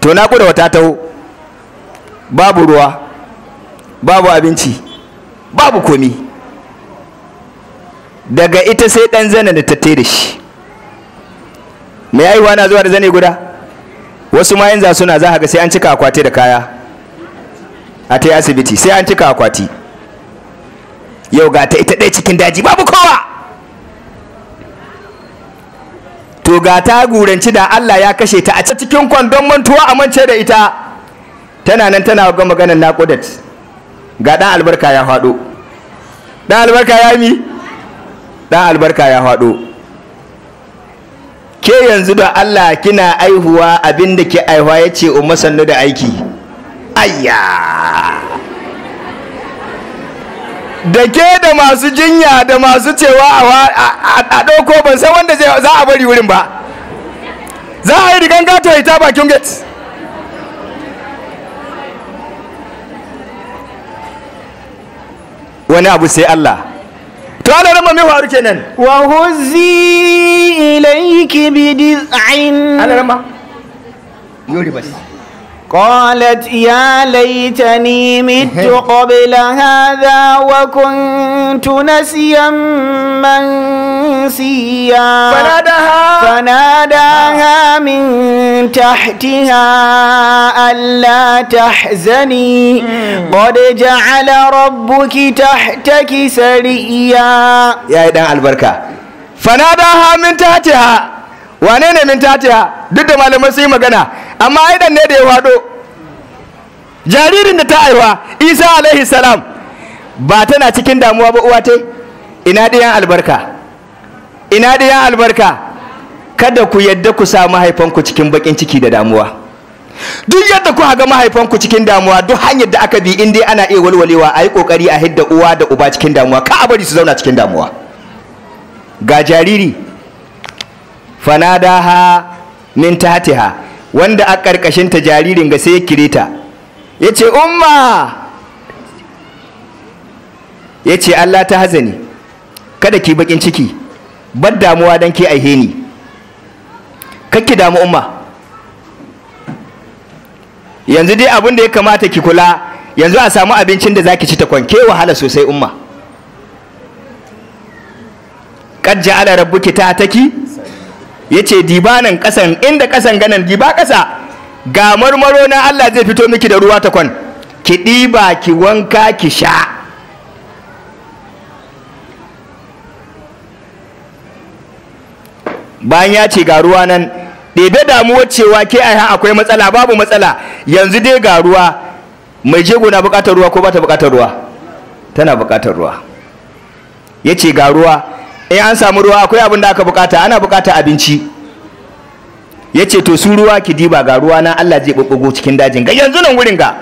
to na kuda wata taho babu ruwa babu abinci babu komi daga ita sai ɗan zana da ta da shi mai haihuwa na zuwa da zane guda wasu ma yanzu suna za ga sai an cika akwati da kaya a ta asibiti sai an cika akwati yau ga ta ita ɗaya cikin daji babu to ga ta guranci da Allah ya kashe ta a cikin kwandon mantuwa a mance da ita tana nan tana ga maganar naƙudat ga ɗan albarka ya faɗo ɗan albarka ya mi ɗan albarka ya faɗo ke yanzu da Allah kina aihuwa abinda ke aihuwa ya ce sannu da aiki ayya da ke da masu jinya da masu cewa a ɗauko ban san wanda za a bari wurin ba za a yi rigan gato ya ta bakin gate wani abu sai Allah to ana rama mai faru kenan wa huzzi ilayki bid'in ana rama yori basi قالت يا ليتني مت قبل هذا وكنت نسيا منسيا فناداها فناداها من تحتها ألا تحزني قد جعل ربك تحتك سريا يا إدان البركة فناداها من تحتها wane ne min tatiya duk da malamai sun yi magana amma aidan ne da ya faɗo jaririn da ta aiwa isa alaihi salam ba tana cikin damuwa ba uwa tai ina ɗiyan albarka ina ɗiyan albarka kada ku yadda ku sa mahaifanku cikin bakin ciki da damuwa duk yadda ku haga mahaifanku cikin damuwa duk hanyar da aka bi in dai ana iya walwalewa a yi kokari a hidda uwa da uba cikin damuwa ka a bari su zauna cikin damuwa ga jariri fanadaha min tahtiha wanda a ƙarƙashin ta jaririn ga sai ya kire ta ya ce umma ya ce Allah ta hazani kada ki bakin ciki bar damuwa don ki aihe ni kakki damu umma yanzu dai abin ya kamata ki kula yanzu a samu abincin da zaki ci ta kwanke wahala sosai umma qad ja'ala rabbuki taki ya ce dibanan ƙasan inda ƙasan ganan diba ƙasa ga marmaro na Allah zai fito miki da ruwa ta ki ɗiba ki wanka ki sha bayan ya ce ga ruwa nan ɗebe damuwar cewa ke a akwai matsala babu matsala yanzu dai ga ruwa mai jego na buƙatar ruwa ko ba ta buƙatar ruwa tana buƙatar ruwa ya ce ga ruwa in eh, an samu ruwa akwai abin da aka bukata ana bukata abinci ya ce to su ruwa ki diba ga ruwa na Allah zai bubbugo cikin dajin ga yanzu nan wurin ga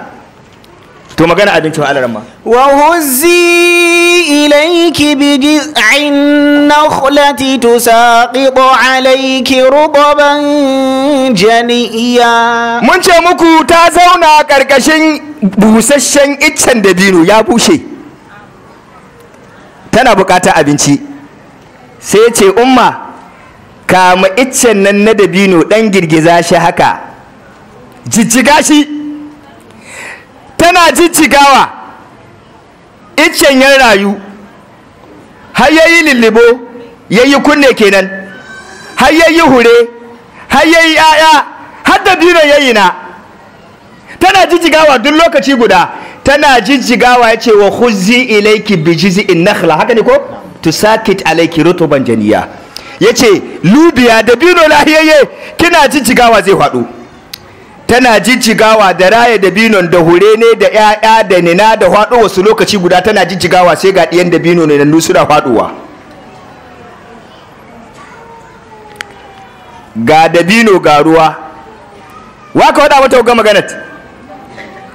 to magana abincin ma. wa huzzi ilayki bi jiz'in nakhlati tusaqitu alayki rubaban janiya mun ce muku ta zauna karkashin busasshen iccen dabino ya bushe tana bukata abinci sai ce umma kama iccen nan na dabino ɗan girgiza shi haka jijjiga shi tana jijjigawa iccen yan rayu har yayi lillibo yayi kunne kenan har yayi hure har yayi yaya har dabino yayi na tana jijjigawa duk lokaci guda tana jijjigawa ya ce wa khuzzi ilayki bi in nakhla haka ne ko sakit alaiki rutuban janiya yace lubiya da bino lahiyayye kina jijjigawa zai faɗo tana jijjigawa da raya da binon da hure ne da 'ya'ya da nina da faɗo wasu lokaci guda tana jijjigawa sai ga ɗiyan da bino ne nan suna faɗowa ga dabino ga ruwa waka wada wata ga maganat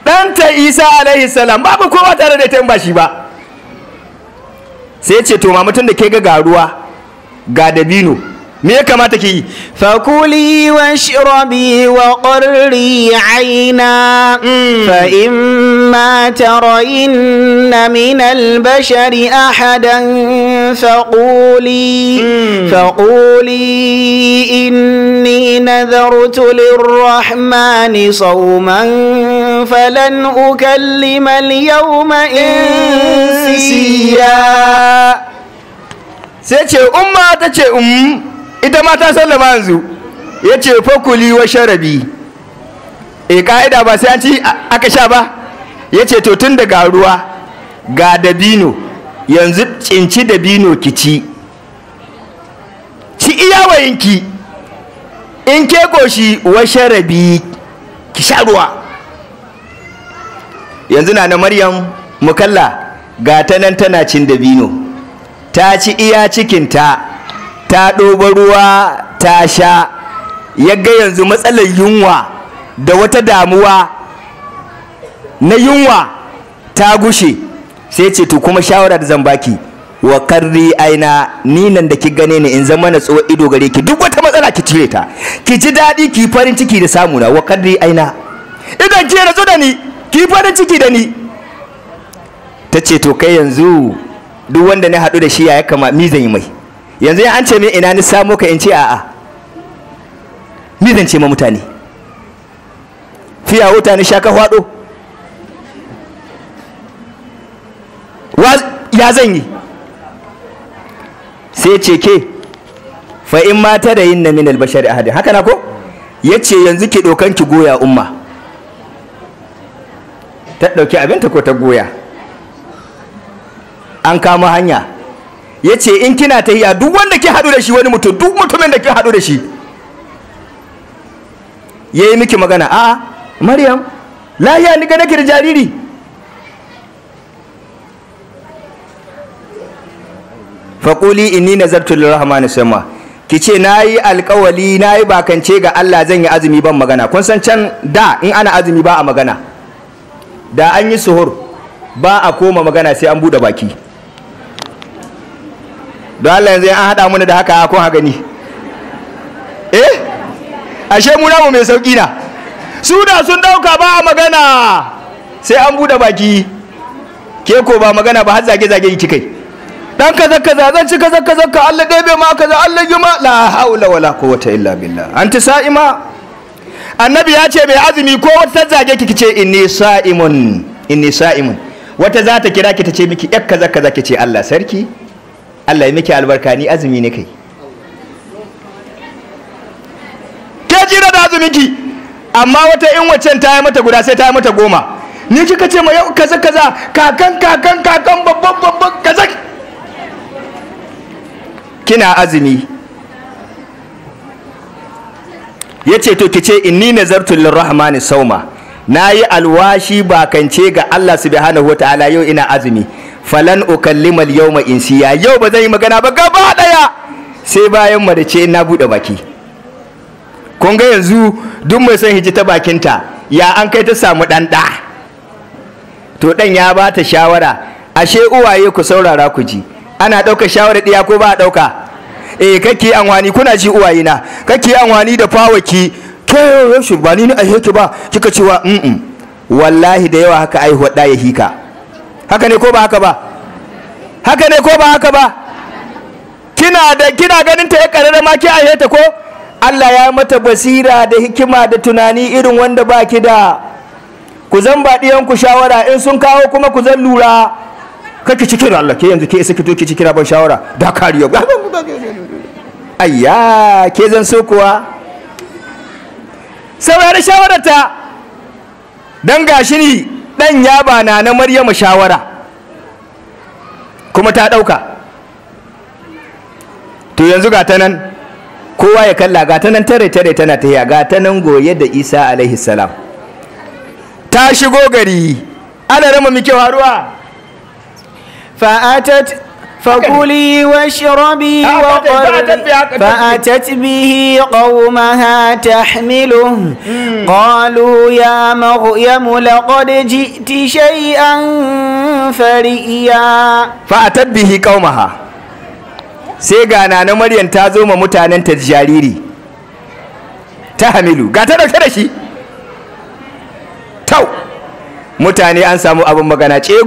ɗanta isa alaihi salam babu kowa tare da ta ba shi ba sai ce to mamutun da ke ga garuwa ga dabino me ya kamata ki yi fakuli wa shirabi wa qarri aina fa imma tarayna min al-bashari ahadan فقولي فقولي إني نذرت للرحمن صوما فلن أكلم اليوم إنسيا سيتي أمة تتي أم إذا ما تسلم أنزو يتي فقولي وشربي إيه ka'ida ba sai an ci aka sha ba ya yanzu cinci da bino ki ci ci iyawayinki in ke goshi washe sharabi ki sha ruwa yanzu na na maryam mukalla ga ta nan tana cin dabino ta ci iya cikinta ta ɗoba ruwa ta sha yagga yanzu matsalar yunwa da wata damuwa na yunwa ta gushe sai ce to kuma shawara da zan baki wa karri aina ni nan da ki gane ni in zama na tsohon ido gare ki duk wata matsala ki cire ta ki ji daɗi ki farin ciki da samuna wa karri aina idan ki rasu da ni ki farin ciki da ni ta ce to kai yanzu duk wanda na haɗu da shi ya kama mi zan yi mai yanzu an ce min ina ni samo ka in ce a'a mi zan ce ma mutane fiya wuta ni sha ka hwado ya zan yi sai ce ke fa in mata da yin na min a ahadin haka na ko ya ce yanzu ki ɗaukan ki goya umma ta ɗauki abinta ko ta goya an kama hanya ya ce in kina ta tahiya duk wanda ki haɗu da shi wani mutum duk mutumin da ki haɗu da shi ya yi miki magana a maryam lahiya ni ga nake da jariri faƙuli inni nazartu lirrahmani sama ki ce na yi alƙawali na yi bakance ga Allah zan yi azumi ban magana kun san can da in ana azumi ba a magana da an yi suhur ba a koma magana sai an buɗe baki don Allah yanzu an haɗa mana da haka kun ha gani eh ashe mu namu mai sauƙi na su da sun ɗauka ba a magana sai an buɗe baki ke ko ba magana ba har zage-zage yi kai dan kaza kaza zan ci kaza kaza ka Allah ɗebe ma kaza Allah ma la haula wala quwwata illa billah anti sa'ima annabi ya ce mai azumi ko wata ta zage ki kice inni sa'imun inni sa'imun wata za ta kira ki ta ce miki yak kaza kaza ki ce Allah sarki Allah ya miki albarka ni azumi ne kai ke jira da azumin ki amma wata in waccan ta yi mata guda sai ta yi mata goma ni kika ce ma yau kaza kaza kakan kakan kakan babban babban kaza kina azumi ya ce to ki ce inni nazartu lirrahmani sauma na yi alwashi bakance ga Allah su bi hana subhanahu ala yau ina azumi falan ma in insiya yau ba zan yi magana ba gaba daya sai bayan ce na buɗe baki kun ga yanzu duk mai son hiji ta bakinta ya an kai ta samu ɗanɗa? to ɗan ya ba ta shawara ashe uwaye ku saurara ku ji ana ɗaukar shawarar ɗiya ko ba a ɗauka eh kake anwani kuna ji uwaye na kake anwani da fawaki to yaushe ba ni ne a ki ba kika cewa mm wallahi da yawa haka aihuwar ɗa ya hika haka ne ko ba haka ba haka ne ko ba haka ba kina da kina ganin ta ya karara ma ki aihe ta ko Allah ya mata basira da hikima da tunani irin wanda baki da ku zan ba ku shawara in sun kawo kuma ku zan lura kake cito da Allah ke yanzu ke isa ki toke kira ban shawara da kariyo ayya ke zan so kuwa shawara shawararta dan gashi ni dan ya bana na Maryama shawara kuma ta dauka to yanzu ga ta nan kowa ya kalla ga ta nan tare tare tana ta ya ga ta nan goye da Isa alaihi salam ta shigo gari ana rama mike haruwa فأتت فكلي واشربي (laughs) فأتت به قومها تحمله قالوا يا مريم لقد جئت شيئا فريا فأتت به قومها sai ga na Maryam ta zo ma mutanen ta jariri ta hamilu ga ta dauke da shi tau mutane an samu abin magana ce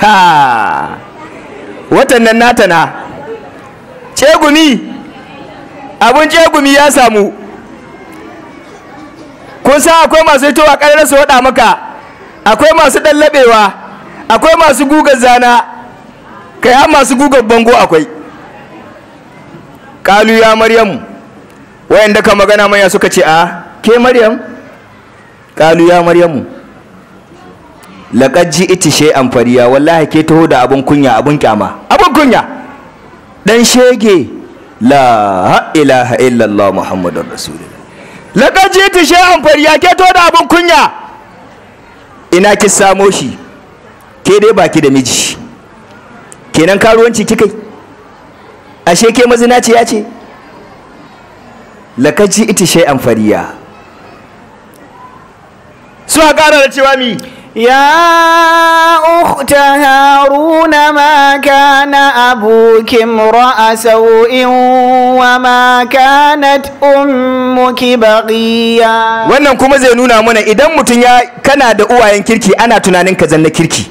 ha watan nan nata na cegumi abun cegumi ya samu kun san akwai masu a ƙarar su waɗa maka akwai masu ɗallaɓewa akwai masu gugar zana kai an masu gugar bango akwai Kalu ya maryamu wayanda ka magana maya suka ce a ah, ke maryam Kalu ya maryamu laqad ita shai amfariya wallahi ke taho da abun kunya abun kyama abun kunya dan shege la ilaha illallah muhammadur rasulullah laqad ita shai amfariya ke taho da abun kunya ina ki samo shi ke dai baki da miji kenan karuwanci yi. ashe ke mazina ce laqad ita shai amfariya su a ƙara da cewa mi يا أخت هارون ما كان أبوك امرأ سوء وما كانت أمك بغيا wannan kuma zai nuna mana idan mutum ya kana da uwayen kirki ana tunanin ka zanna kirki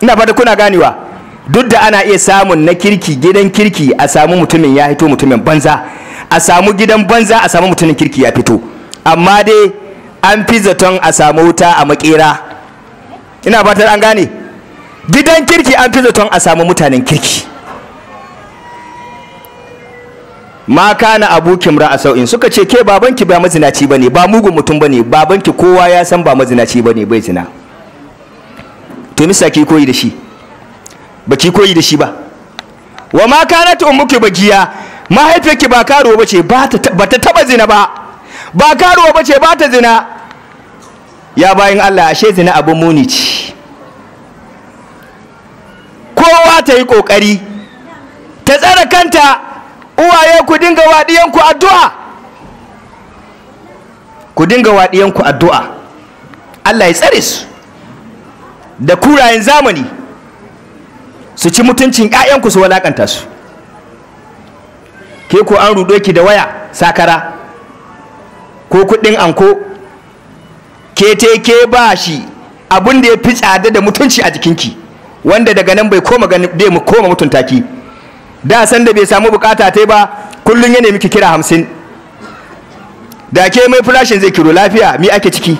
ina fata kuna ganewa duk da ana iya samun na kirki gidan kirki a samu mutumin ya fito mutumin banza a samu gidan banza a samu mutumin kirki ya fito amma dai an fi zaton a samu wuta a makera ina fatar an gane gidan kirki an fi zaton a samu mutanen kirki ma kana abokin a sau'in suka ce ke babanki ba mazinaci ne ba mugun mutum bane babanki kowa ya san ba mazinaci bane bai zina to misa ki koyi da shi ba ki koyi da shi ba wa ma kana ta ba giya mahaifiyarki ba karuwa bace ba ta taba zina ba ba karuwa bace ba ta zina ya bayan Allah ashe zina abin muni ce kowa ta yi ƙoƙari ta tsara kanta uwaye ku dinga waɗiyanku addu'a ku dinga waɗiyanku addu'a Allah ya tsare su da kurayen zamani su ci mutuncin 'ya'yanku su walakanta su ke ko an ruɗo ki da waya sakara ko kuɗin anko ke ke ba shi abin da ya fi tsada da mutunci a jikinki wanda daga nan bai koma bai koma mutunta ki da san da bai samu bukata ta ba kullun ya nemi ki kira hamsin da ke mai flashin zai kiro lafiya mi ake ciki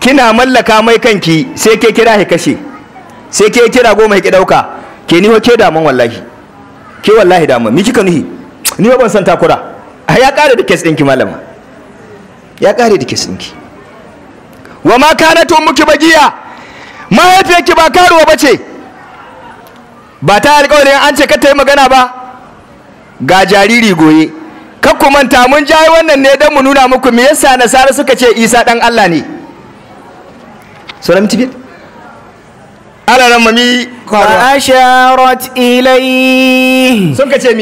kina mallaka mai kanki sai ke kira ki kashe sai ke kira goma ki dauka ke ni ke damun wallahi ke wallahi damun mi kika nuhi ni ban san takura a ya kare da kes ki malama ya kare da kesinki wa ma kanat muke bagiya mahaifiyarki ba karuwa ce ba ta alƙawarin an ce ka ta yi magana ba ga jariri goye kar ku manta mun jayi wannan ne don mu nuna muku me yasa nasara suka ce isa ɗan allah ne sauran tibiyar على رممي فأشارت إليه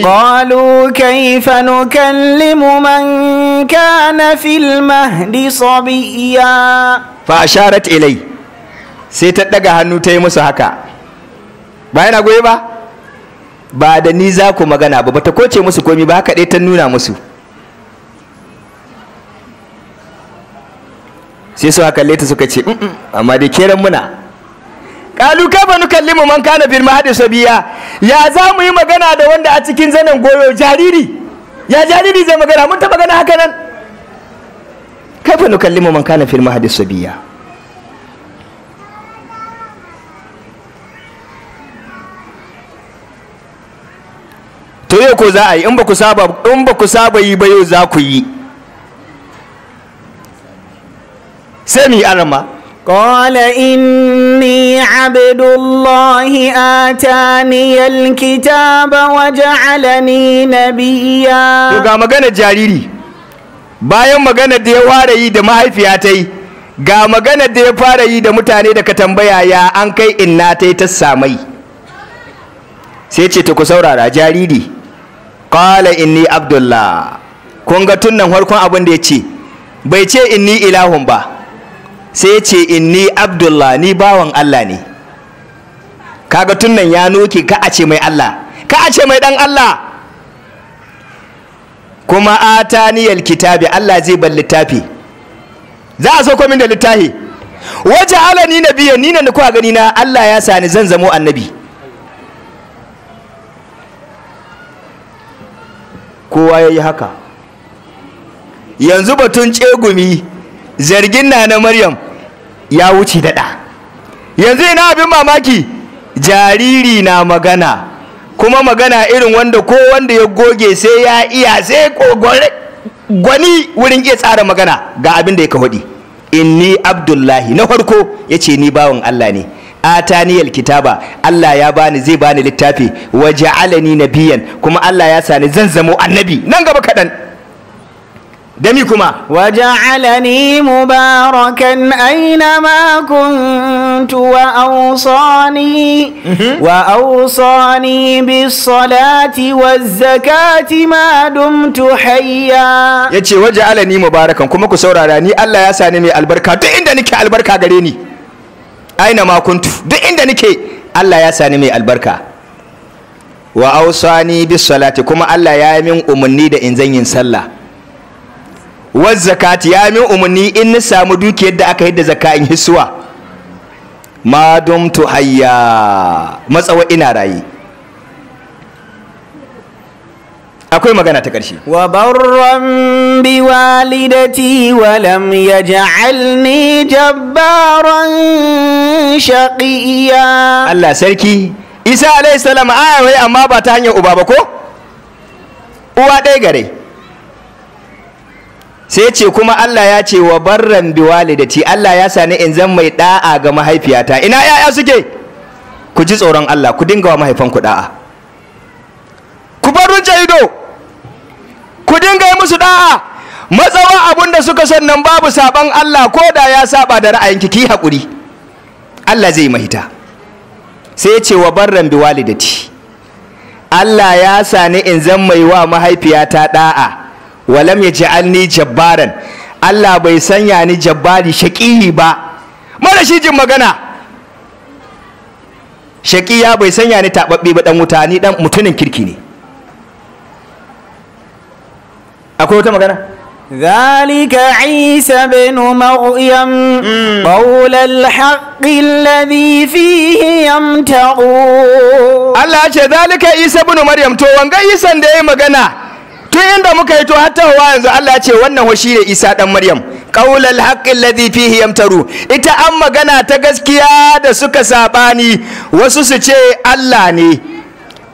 قالوا كيف نكلم من كان في المهد صبيا فأشارت إليه سيتدقى هنو تيمس هكا باين أقول با ba da ni za ku magana ba ta koce musu komi ba haka ta nuna musu sai su haka leta suka ce amma dai keran muna kalu kaifa nukallimu man kana fil mahdi sabiya ya za mu yi magana da wanda a cikin zanen goyo jariri ya jariri zai magana mun taba gana haka nan kaifa nukallimu man kana fil mahdi sabiya to yau ko za a yi in ba ku saba in ba ku saba yi ba yau za ku yi sai mu yi arama قال إني عبد الله آتاني الكتاب وجعلني نبيا to ga magana jariri bayan maganar da ya ware yi da mahaifiya yi ga magana da ya fara yi da mutane da ka tambaya ya an kai inna ta ta samai sai ce ta ku saurara jariri qala inni abdullah kun ga tunnan farkon abin da ya ce bai ce inni ilahun ba sai ce inni abdullah ni bawan Allah ne kaga tun nan ya noke ka a ce mai Allah ka a ce mai dan Allah kuma niyar kitabi Allah zai bar littafi za a so komin da littafi waje ni na ni nina da kuwa gani na Allah ya sani zan zamo annabi kowa ya yi haka yanzu batun cegumi. zargin na na maryam ya wuce daɗa yanzu ina abin mamaki jariri na magana kuma magana irin wanda ko wanda ya goge sai ya iya sai gwani wurin iya tsara magana ga abin da ya in inni abdullahi na farko ya ce ni bawan allah ne ataniyal kitaba Allah ya bani zai bani littafi waje na nabiyan kuma Allah ya sani zan zamo annabi nan gaba kaɗan dami kuma waja'alani mubarakan aina ma kuntu wa awsani mhm. wa awsani bis salati waz zakati ma dumtu hayya yace waja'alani mubarakan kuma ku saurara ni Allah ya sani mai albarka duk inda nake albarka gare ni aina ma kuntu duk inda nake Allah ya sani mai albarka wa awsani bis salati kuma Allah ya yi min umarni da in zan yin sallah waz zakati ya min umarni in na samu dukiyar da aka yadda zaka in hisuwa ma tu hayya matsawa ina rayi akwai magana ta ƙarshe wa barran bi walidati wa lam yaj'alni jabbaran shaqiya Allah sarki Isa alayhi salam aya wai amma ba ta hanyar uba ba ko uwa ɗaya gare sai ce kuma Allah ya ce wa barran da walidati Allah ya sani in zan mai da'a ga mahaifiyata ina yaya suke ku ji tsoron Allah ku dinga wa mahaifanku da'a ku bar ruce ido ku dinga yi musu da'a matsawa abun da suka son nan babu sabon Allah ko da ya saba da ra'ayinki ki hakuri Allah zai mahita sai ce wa barran da Allah ya sani in zan mai wa mahaifiyata da'a walam ya yaj'alni jabbaran Allah bai sanya ni jabbari shaqihi ba mara shi jin magana shaqiya bai sanya ni tababbe ba dan wuta ni dan mutumin kirki ne akwai wata magana ذلك عيسى بن مريم قول الحق الذي فيه يمتعون الله ذلك عيسى بن مريم تو وان isan da yayi magana tun inda muka yi to hatta wa yanzu Allah ce wannan wa shine Isa dan Maryam qaulal haqqi alladhi fihi yamtaru ita an magana ta gaskiya da suka sabani wasu su ce Allah ne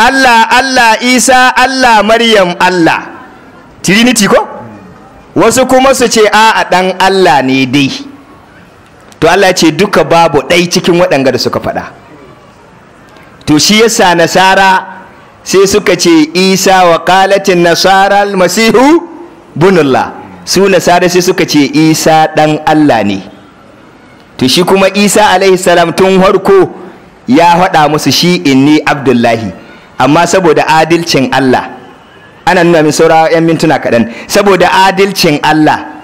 Allah Allah Isa Allah Maryam Allah Trinity ko wasu kuma su ce a'a dan Allah ne dai to Allah ce duka babu ɗai cikin waɗanga da suka faɗa to shi yasa nasara sai suka ce isa wa kalatin nasara almasihu bunulla su nasara sai suka ce isa dan allah ne to shi kuma isa alaihi salam tun harko ya faɗa musu shi inni abdullahi amma saboda adilcin allah ana nuna min saura yan mintuna kaɗan saboda adilcin allah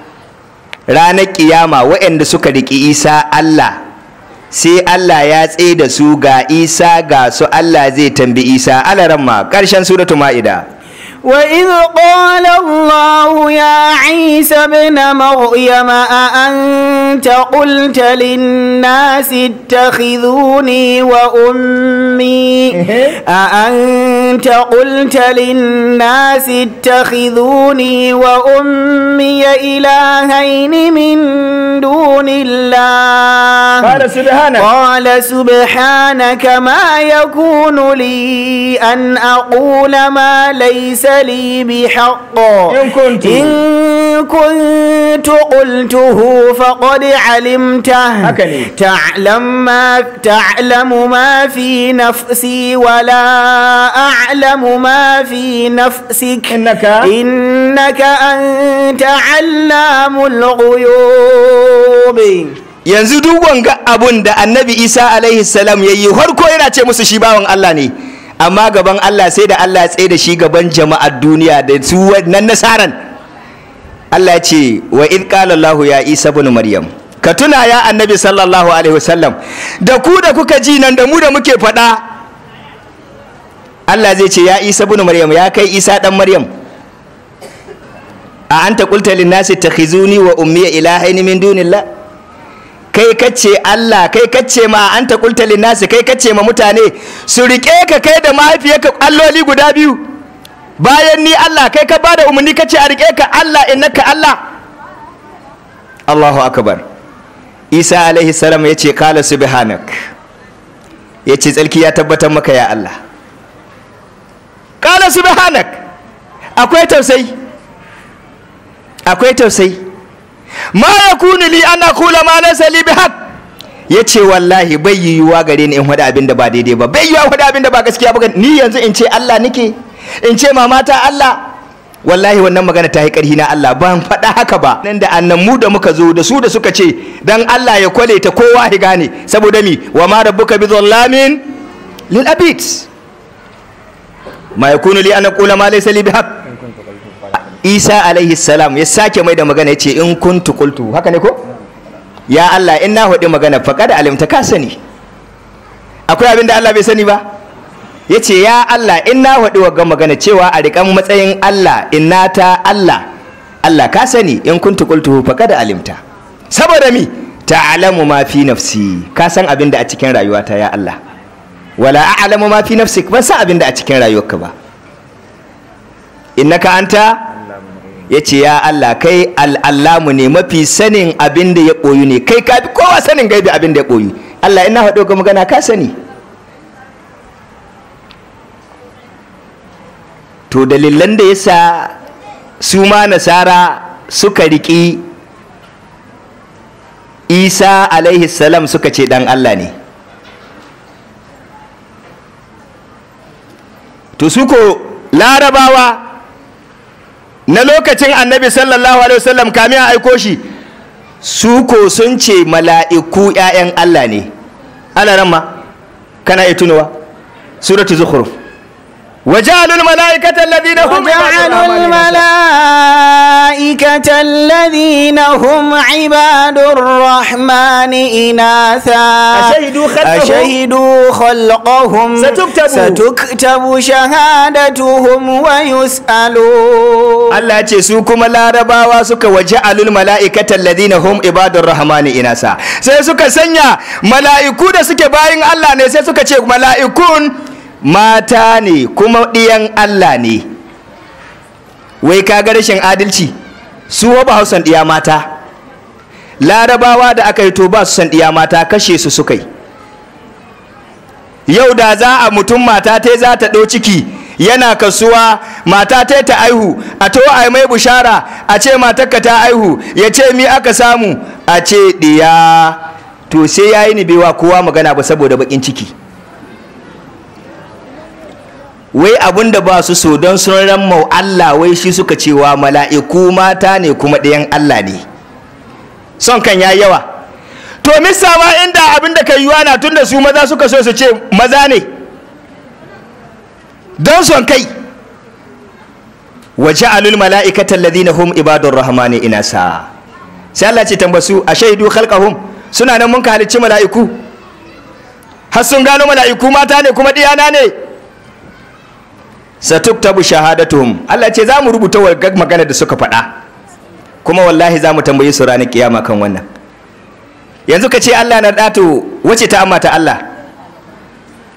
ranar kiyama waɗanda suka riƙi isa allah sai Allah ya tse da su ga Isa ga su Allah zai tambi Isa alaramma ƙarshen suratu Ma'ida وإذ قال الله يا عيسى ابن مريم أأنت قلت للناس اتخذوني وأمي أأنت قلت للناس اتخذوني وأمي إلهين من دون الله قال سبحانك قال سبحانك ما يكون لي أن أقول ما ليس السليم حقا إن كنت إن كنت قلته فقد علمته تعلم ما تعلم ما في نفسي ولا أعلم ما في نفسك إنك إنك أنت علام الغيوب yanzu duk wanga abun da annabi isa alaihi salam ya yi harko yana ce musu shi bawan allah ne amma gaban Allah sai da Allah tsaye da shi gaban jama'ar duniya da su nan nasaran Allah ce wa id qala Allah ya Isa ibn Maryam ka tuna ya annabi sallallahu alaihi wasallam da ku da kuka ji nan da mu da muke faɗa Allah zai ce ya Isa ibn Maryam ya kai Isa dan Maryam a anta qulta lin nasi takhizuni wa ummiya ilahaini min dunillah kai kace Allah kai kace ma anta qulta nasi kai kace ma mutane su rike ka kai da mahaifiyarka alloli guda biyu bayan ni Allah kai ka bada umarni kace a rike ka Allah innaka Allah Allahu akbar Isa alaihi salam yace qala subhanak yace tsarki ya tabbatar maka ya Allah qala subhanak akwai tausayi akwai tausayi ma kuni li ana kula ma sali bi bihaq ya ce wallahi bai yiwuwa gare ni in hada abin da ba daidai ba bai yiwuwa hada abin da ba gaskiya ba ni yanzu in ce Allah nake in ce mamata Allah wallahi wannan magana ta yi ƙarhi na Allah ban faɗa haka ba nan da annan mu da muka zo da su da suka ce dan Allah ya kwale ta kowa ya gane saboda mi wa ma rabbuka bi dhallamin lil abid ma yakunu li ana aqula ma laysa li bihaq isa alaihi salam ya sake mai da magana ya ce in kuntu kultu. haka ne ko ya Allah in na hudi magana da alimta ka sani akwai abin da Allah bai sani ba ya ce ya Allah in na hudi wagga magana cewa a riƙan matsayin Allah in na ta Allah Allah ka sani in kuntu kultu qultu da alimta saboda mi ta'lamu ma fi nafsi ka san abin da a cikin rayuwata ya Allah wala a'lamu ma fi nafsi ban san abin da a cikin rayuwarka ba innaka anta ya ce ya Allah kai al'allamu ne mafi sanin abin da ya koyu ne kai ka kowa sanin gaibi abin da ya koyu Allah ina haɗo ga magana ka sani to dalilan da yasa su ma nasara suka riƙi isa alaihi salam suka ce ɗan Allah ne to su ko larabawa na lokacin annabi sallallahu alaihi wasallam kamin a aiko shi su ko sun ce mala'iku 'ya'yan Allah ne ana nan ma kana iya suratul zukhruf وجعلوا الملائكة الذين هم وجعلوا الملائكة الذين هم عباد الرحمن إناثا أشهدوا خلقهم, أشهدوا خلقهم ستكتب ستكتب شهادتهم ويسألون الله تسوكم لا ربا وسك وجعلوا الملائكة الذين هم عباد الرحمن إناثا سيسوك سنيا ملائكون سكباين الله نسيسوك ملائكون mata ne kuma ɗiyan Allah ne wai kaga rashin adalci su ba hausan ɗiya mata larabawa da aka yi to ba su san ɗiya mata kashe su suka yi yau da za a mutum mata ta za ta ɗau ciki yana kasuwa mata ta ta aihu a to a mai bushara a ce matarka ta aihu ya ce mi aka samu a ce ɗiya to sai ya yi ni bewa kowa magana ba saboda bakin ciki wai abun da ba su so don sun rammau Allah wai shi suka cewa mala'iku mata ne kuma ɗayan Allah ne son kan ya yawa to misa ma inda abin da yiwa na tun da su maza suka so su ce maza ne don son kai waje alul mala'ikatan ladina hum ibadun rahmani sa sai Allah ce tambasu a shaidu khalqahum suna nan mun halicci mala'iku har sun gano mala'iku mata ne kuma ɗiyana ne satuktabu shahadatuhum Allah ce za mu rubuta wagag magana da suka faɗa kuma wallahi za mu tambayi su ranar kiyama kan wannan yanzu ka ce Allah na datu wace ta amma ta Allah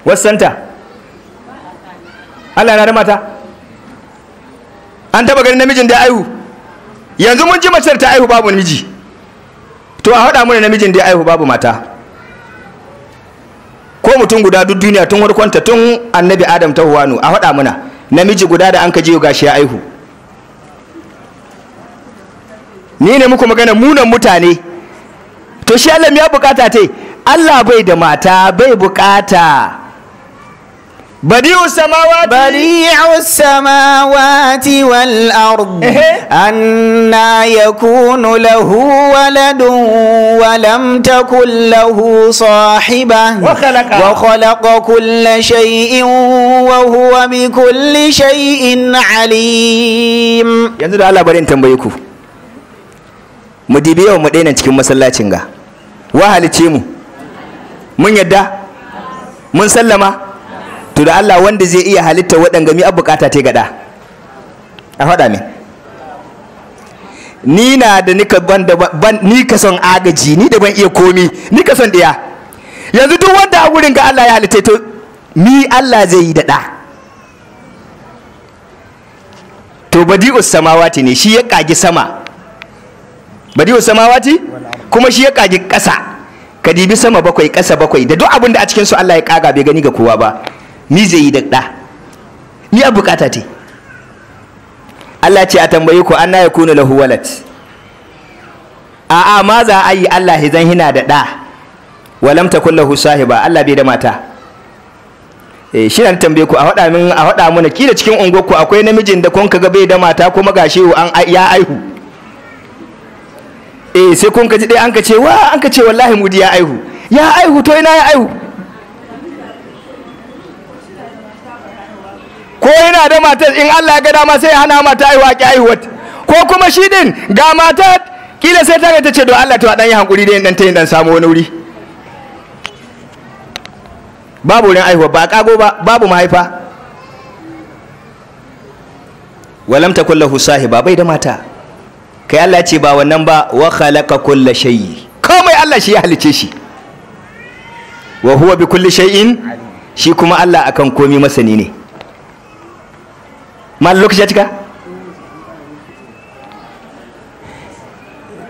wasanta Allah na rama mata an taba ganin namijin da aihu yanzu mun ji mace ta aihu babu miji to a haɗa mana namijin da aihu babu mata ko mutum guda duk duniya tun warkonta tun annabi adam ta huwanu a haɗa muna namiji guda da an ka jiyo gashi ya aihu ni ne muku magana munan mutane to shi Allah ya bukata te Allah bai da mata bai bukata بديع السماوات بديع السماوات والأرض أنا يكون له ولد ولم تكن له صاحبة وخلق وخلق كل شيء وهو بكل شيء عليم yanzu da Allah bari in tambaye ku mu dibi yau mu daina cikin masallacin ga wa halice mu mun yadda mun sallama to da Allah wanda zai iya halitta waɗanga mi bukata ta gada a faɗa min ni na da nika ban da ban ni ka son agaji ni da ban iya komi ni ka son ɗaya yanzu duk wanda a gurin ga Allah ya halitta to ni Allah zai yi daɗa. to badi'us samawati ne shi ya kagi sama badi'us samawati kuma shi ya kagi ƙasa ka dibi sama bakwai ƙasa bakwai da duk abin da a cikinsu Allah ya kaga bai gani ga kowa ba ni zai yi da ɗa ni a bukata te Allah ce a tambayi ku an na ya kuna lahu a a'a ma za a yi Allah hizan hina da ɗa walam ta kullahu sahiba Allah bai da mata eh shi nan tambaye ku a faɗa min a faɗa mana kila cikin unguwarku akwai namijin da kun kaga bai da mata kuma gashi an ya aihu eh sai kun kaji dai an ka ce wa an ka ce wallahi mudi ya aihu ya aihu to ina ya aihu ko yana da matar in Allah ya ga dama sai ya hana mata aiwa ki aiwat ko kuma shi din ga mata kila sai ta ta ce don Allah ta a dan yi hankuri da dan tayin dan samu wani wuri babu wurin aiwa ba kago ba babu mahaifa walam takul lahu sahiba bai da mata kai Allah ce ba wannan ba wa khalaqa kull shay'i komai Allah shi ya halice shi wa huwa bi kulli shay'in shi kuma Allah akan komi masani ne mal lokaci ya cika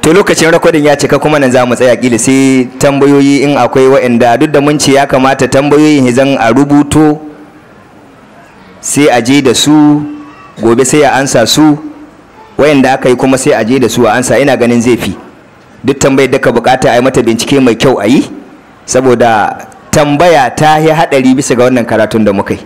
to lokacin rakodin ya cika kuma nan za mu tsaya kila sai tambayoyi in akwai wa'anda duk da mun ce ya kamata tambayoyin hizan a rubuto sai a je da su gobe sai a ansa su wa'anda aka yi kuma sai a je da su a ansa ina ganin zai fi duk tambayar da ka bukata a yi mata bincike mai kyau a yi saboda tambaya ta yi haɗari bisa ga wannan karatun da muka yi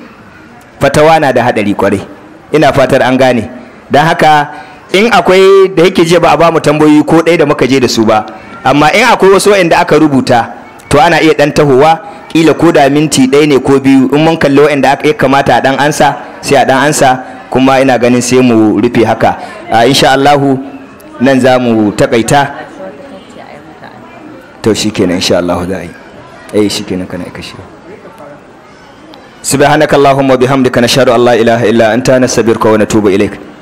fatawa na da haɗari kwarai ina fatar an gane don haka in akwai da yake je ba a bamu tambayoyi ko ɗaya da muka je da su ba amma in akwai wasu wa'anda aka rubuta to ana iya ɗan tahowa ƙila ko da minti ɗaya ne ko biyu in mun kalli wa'anda ya kamata a ɗan ansa sai a ɗan ansa kuma ina ganin sai mu rufe haka insha Allahu nan za mu taƙaita. to shikenan insha Allahu za a yi eh shikenan kana kashe subhanakallahumma bihamdika nashhadu an la ilaha illa anta nastaghfiruka wa natubu ilaik